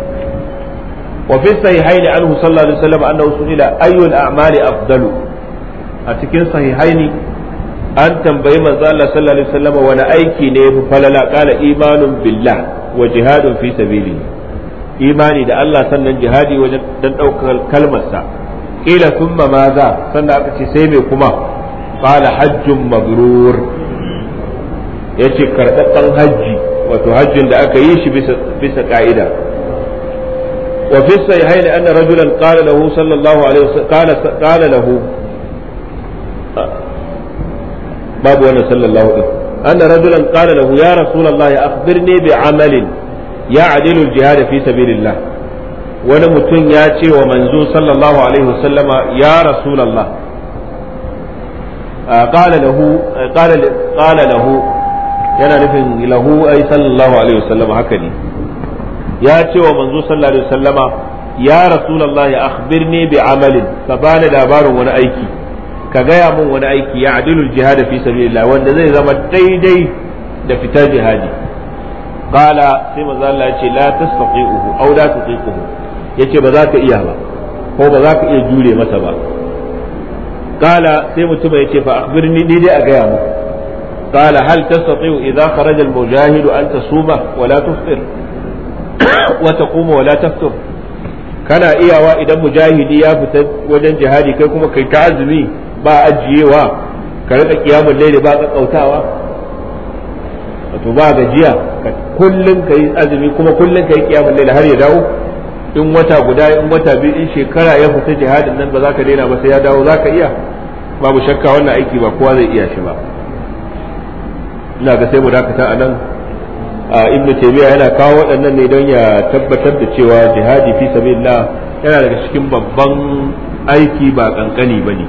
wa fi sahihaini anhu sallallahu alaihi wasallam annahu sunila ayyul a'mali afdalu a cikin sahihaini an tambayi manzo Allah sallallahu alaihi wasallam wani aiki ne ya yafi falala qala imanun billah wa jihadun fi sabili imani da Allah sannan jihadi wajen dan daukar kalmarsa kila thumma maza sannan aka ce sai me kuma qala hajjun mabrur ya ce karɓaɓɓen hajji wato hajjin da aka yi shi bisa ka'ida wa fi sahihain anna rajulan qala lahu sallallahu alaihi wasallam qala lahu babu wannan sallallahu din anna rajulan qala lahu ya rasulullah akhbirni bi amalin ya'dilu al-jihad fi sabilillah wani mutum ya ce wa manzo sallallahu alaihi wasallama ya rasulullah ah, qala lahu qala lahu yana nufin lahu ai sallallahu alaihi wasallam haka ne ya ce wa manzo sallallahu alaihi wasallama ya rasulullahi akhbirni bi amalin ka bani labarin wani aiki ka gaya min wani aiki ya adilul jihad fi sabilillah wanda zai zama daidai da fitar jihadi qala sai manzo Allah ya ce la tastati'uhu aw la tutiquhu yace ba za ka iya ba ko ba za ka iya jure masa ba qala sai mutum ya ce fa akhbirni dai a gaya muku قال هل تستطيع إذا خرج المجاهد أن تصوم ولا تفطر <coughs> وتقوم ولا تفطر kana idan mujahidi ya fita wajen jihadi kai kuma kai ta azumi ba ajiyewa ka rika kiyamun laili ba kakkautawa wato ba gajiya kullum kai azumi kuma kullum kai kiyamun laili har ya dawo in wata guda in wata biyu in shekara ya fita jihadin nan ba za ka daina ba sai ya dawo za ka iya babu shakka wannan aiki ba kowa zai iya shi ba ina ga sai mu dakata a nan a ibnu taymiya yana kawo waɗannan ne don ya tabbatar da cewa jihadi fi sabilillah yana daga cikin babban aiki ba kankani bane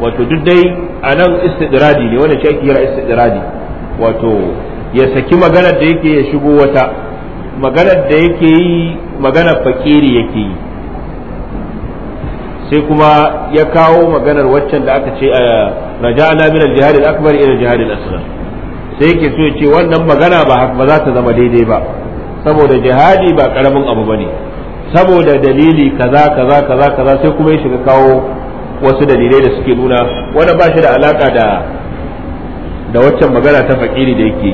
wato duk dai a nan istidradi ne wanda ake kira istidradi wato ya saki maganar da yake ya shigo wata maganar da yake yi maganar fakiri yake yi sai kuma ya kawo maganar waccan da aka ce a raja'ana min al-jihad al-akbar ila al-jihad al-asghar sai yake so ce wannan magana ba ba za ta zama daidai ba saboda jihadi ba karamin abu ba ne saboda dalili kaza kaza kaza kaza sai kuma ya shiga kawo wasu dalilai da suke nuna wanda ba shi da alaka da da waccan magana ta fakiri da yake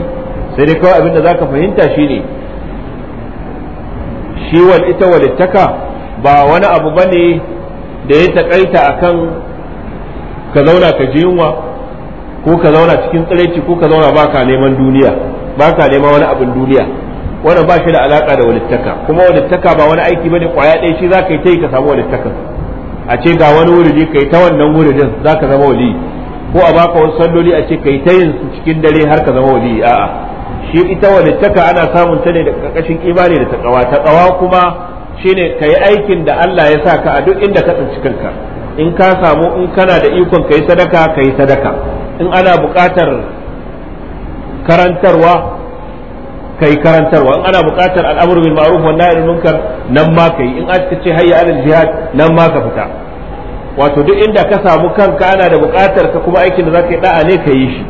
sai dai kawai abinda da zaka fahimta shine shi wal ita walittaka ba wani abu bane da ya takaita akan ka zauna ka ji yunwa ko ka zauna cikin tsiraici ko ka zauna ba ka neman duniya ba ka neman wani abin duniya wannan ba shi da alaka da walittaka kuma walittaka ba wani aiki bane kwaya ɗaya shi zaka yi ta yi ka samu walittakan a ce ga wani wuridi kai ta wannan wuridin zaka zama wali ko a baka wasu salloli a ce kai ta yin su cikin dare har ka zama wali a'a shi ita walittaka ana samun ta ne da karkashin imani da taqwa taqwa kuma shine kai aikin da Allah ya sa ka a duk inda ka tsinci kanka in ka samu in kana da ikon kai sadaka kai sadaka in ana buƙatar karantarwa kai karantarwa in ana buƙatar al'amuru bil ma'ruf wa nahyi munkar nan ma kai in aka ce hayya alal jihad nan ma ka fita wato duk inda ka samu kanka ana da buƙatar ka kuma aikin da zaka yi da'a ne ka yi shi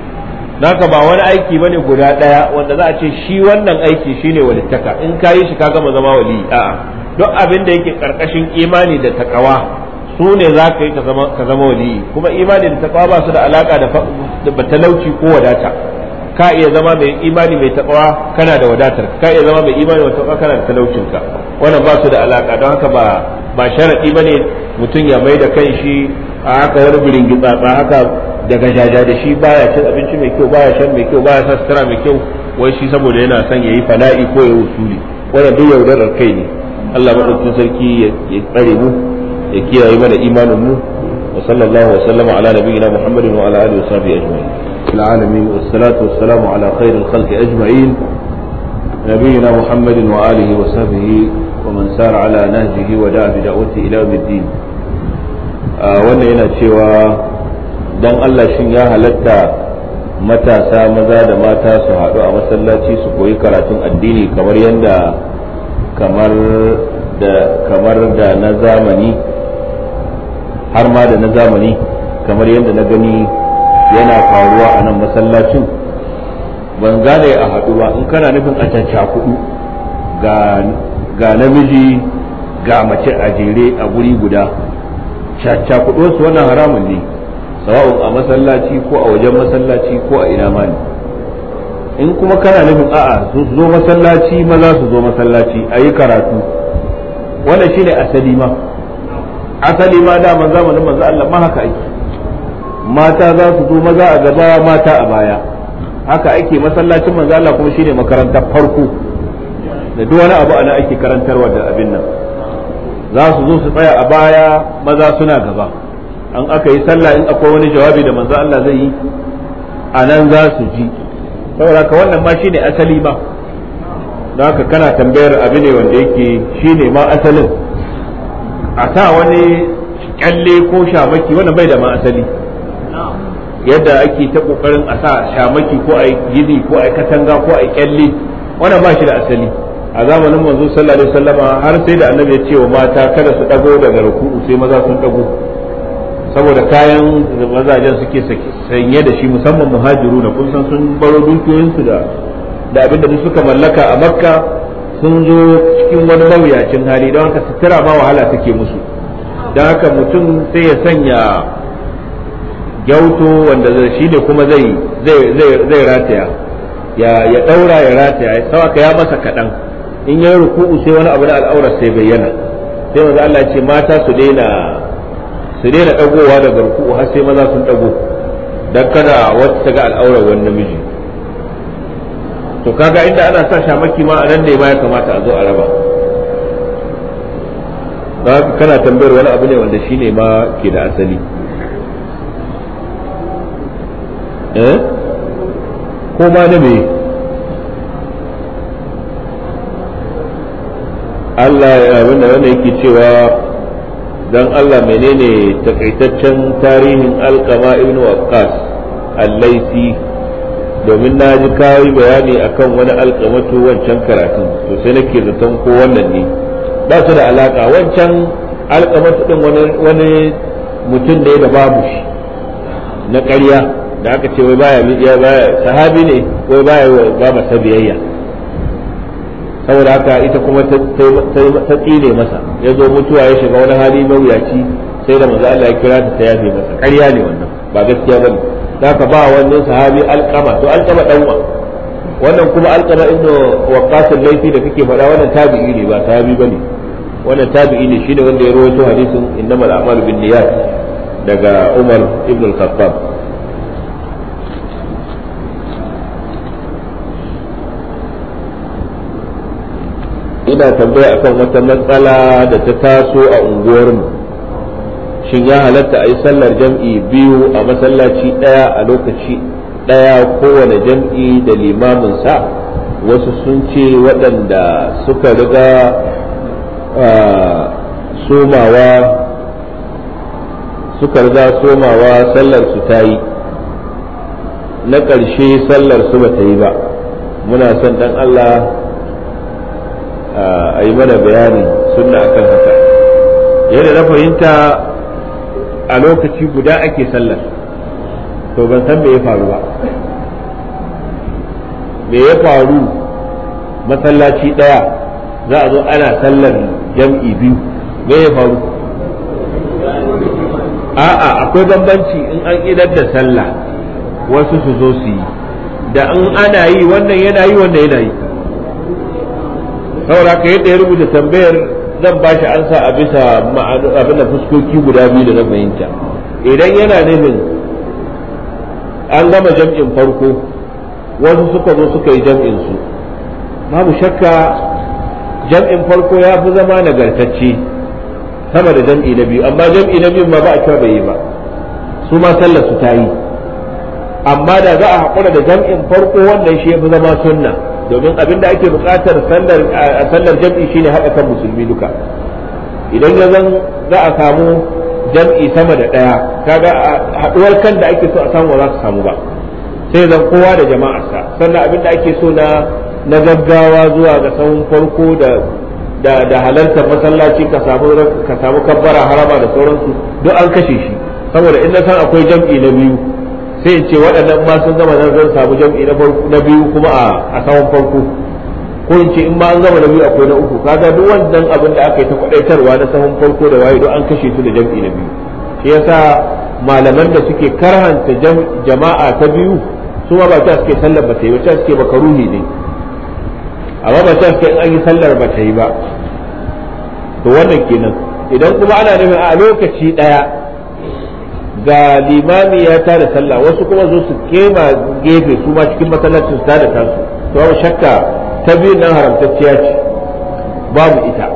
naka ba wani aiki bane guda daya wanda za a ce shi wannan aiki shine walittaka in ka yi shi ka gama zama wali a'a duk abin da yake karkashin imani da takawa su ne za ka yi ka zama waliyi kuma imani da taɓa ba su da alaka da talauci ko wadata ka iya zama mai imani mai taqwa kana da wadatar ka iya zama mai imani mai taqwa kana da talaucinka ka wannan ba su da alaka don haka ba ba ne mutum ya mai da kan shi a haka wani biringi tsatsa haka daga jaja da shi baya cin abinci mai kyau baya shan mai kyau baya sastra mai kyau wai shi saboda yana son ya yi fala'i ko ya wusuli wannan duk yaudarar kai ne Allah maɗaukin sarki ya tsare mu ya kiyaye mana imanin mu wa sallallahu wa sallama ala nabiyyina muhammadin wa ala alihi wa sahbihi ajma'in fil alamin نبينا محمد وآله وصحبه ومن سار على نهجه ودعا بدعوته إلى يوم الدين wannan yana cewa don Allah shin ya halatta matasa maza da mata su haɗu a masallaci su koyi karatun addini kamar yadda kamar da na zamani har ma da na zamani kamar yadda na gani yana faruwa a nan masallacin ban gane a haɗu ba in kana nufin a kuɗu ga namiji ga mace a jere a guri guda kuɗu su wannan haramun ne sawa'un a masallaci ko a wajen masallaci ko a ina ma ne in kuma kana nufin a'a su zo masallaci maza su zo masallaci a yi karatu wannan shine asali ma asali ma da man zamanin manzo Allah ma haka ake mata za su zo maza a gaba mata a baya haka ake masallacin manzo Allah kuma shine makarantar farko da duk wani abu ana ake karantarwa da abin nan za su zo su tsaya a baya maza suna gaba an aka yi sallah in akwai wani jawabi da manzo Allah zai yi a nan za su ji saboda ka wannan ma shine asali ba don haka kana tambayar abu ne wanda yake shine ma asalin a sa wani kyalle ko shamaki wannan bai da ma asali yadda ake ta kokarin a sa shamaki ko a gini ko a katanga ko a kyalle wannan ba shi da asali a zamanin manzo sallallahu alaihi wasallama har sai da annabi ya ce wa mata kada su dago daga ruku'u sai maza sun dago saboda kayan mazajen suke sanye da shi musamman muhajiru na kun san sun baro dukiyoyinsu da da abinda su suka mallaka a makka sun zo cikin wani mawuyacin hali don haka sutura ma wahala take musu don haka mutum sai ya sanya gyauto wanda shi ne kuma zai zai rataya ya daura ya rataya ya ya masa kaɗan in ya ruku'u sai wani abu na al'aurar sai bayyana sai maza Allah ce mata su daina su daina dagowa daga ruku'u har sai maza sun dago dan kada wata ta ga al'aurar wani namiji to kaga inda ana sa shamaki ma a nan ne ma ya kamata a zo a raba kana tambayar wani abu ne wanda shi ne ma ke da asali eh ko ma na me Allah ya abinda wanda yake cewa dan Allah menene takaitaccen tarihin alkama ibn waqqas al-laisi domin na ji kawai bayani akan wani alƙamatu wancan karatun to sai nake zaton ko wannan ne ba su da alaka wancan alƙamatu din wani mutum ne da babu shi na ƙarya da aka ce wai baya ya baya sahabi ne wai baya ba masa biyayya saboda haka ita kuma ta tsine masa ya zo mutuwa ya shiga wani hali mawuyaci sai da maza Allah ya kira ta ta yafe masa ƙarya ne wannan ba gaskiya ba ne. zaka ba wannan sahabi alqama to alqama dan wa wannan kuma alqama ibnu waqqas al-laythi da kake faɗa wannan tabi'i ne ba sahabi bane wannan tabi'i ne shine wanda ya rawaito hadisin innamal a'malu binniyat daga Umar ibn al-Khattab ina tambaya akan wata matsala da ta taso a unguwarmu shin ya halatta a yi sallar jam'i biyu a masallaci ɗaya a lokaci ɗaya kowane jam'i da limamin wasu sun ce waɗanda suka riga somawa suka riga somawa sallar su ta yi na ƙarshe sallar su ba ta yi ba muna son ɗan Allah a yi mana bayani suna akan haka yadda na fahimta a lokaci guda ake sallar to ban san me ya faru ba me ya faru masallaci daya za a zo ana sallar jam'i biyu me ya faru a'a akwai bambanci in an idar da sallah wasu su zo su yi da in ana yi wannan yana yi wannan yana yi saboda ka yadda ya rubuta tambayar zan ba shi sa a bisa abin da fuskoki guda biyu da na fahimta idan yana nufin an gama jam'in farko wasu suka zo suka yi jam'in su babu shakka jam'in farko ya fi zama nagartacce sama da jam'i na biyu amma jam'i na biyu ma ba a cewa bai yi ba su ma sallar su ta yi amma da za a haƙura da jam'in farko wannan shi ya fi zama sunna domin abin da ake buƙatar sallar jam'i shine haɗa kan musulmi duka idan ya zan za a samu jam'i sama da ɗaya kaga haɗuwar kan da ake so a samu za su samu ba sai zan kowa da jama'arsa sannan abin da ake so na na gaggawa zuwa ga sahun farko da da da halartar masallaci ka samu ka samu kabbara harama da sauransu duk an kashe shi saboda in na san akwai jam'i na biyu sai ce waɗannan ma sun zama nan zan samu jam'i na biyu kuma a sawon farko ko in ce in ma an zama na biyu akwai na uku kaga duk wannan abin da aka yi ta kwadaitarwa na sahun farko da waye don an kashe su da jam'i na biyu shi yasa malaman da suke karhanta jama'a ta biyu su ma ba ta suke sallar ba ta yi ba ta suke makaruhi ne amma ba ta suke an yi sallar ba ta yi ba to wannan kenan idan kuma ana nufin a lokaci daya ga limami ya tada sallah wasu kuma zo su kema gefe su ma cikin masalacin su tada kansu to babu shakka ta biyu nan haramtacciya ce babu ita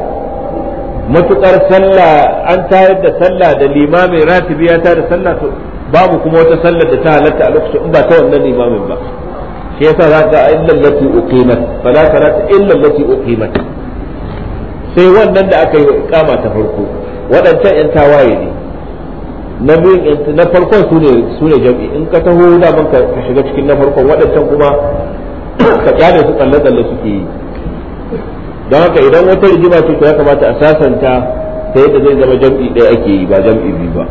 matukar sallah an tayar da sallah da limamin ratibi ya tada sallah to babu kuma wata sallar da ta halatta a lokacin in ba ta wannan limamin ba shi yasa za ka illa allati uqimat fala salata illa allati uqimat sai wannan da aka yi kama ta farko waɗancan 'yan tawaye ne na biyun na farkon su ne su ne jam'i in ka taho da ban ka shiga cikin na farkon waɗancan kuma <coughs> ka kyale su tsalle tsalle suke yi don haka idan wata rigima ce ya kamata a sasanta ta yadda zai zama jam'i ɗaya ake yi ba jam'i biyu ba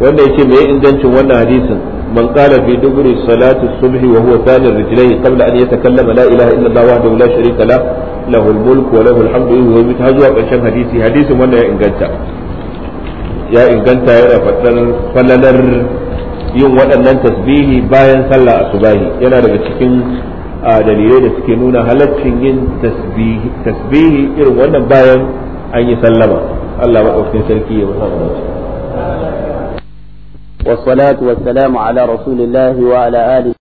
wanda ce me ingancin wannan hadisin man qala fi duburi salati subhi wa huwa thani rijlaihi qabla an yatakallama la ilaha illa allah wahdahu la sharika lahu al-mulku wa lahu al-hamdu wa yuhyi har zuwa ƙarshen hadisi hadisin wanda ya inganta ya inganta yana fadar falalar yin waɗannan tasbihi bayan sallah asubahi yana daga cikin dalilai da suke nuna halaccin yin tasbihi irin wannan bayan an yi sallama Allah maɗaukakin sarki ya masa والصلاة والسلام على رسول الله وعلى آله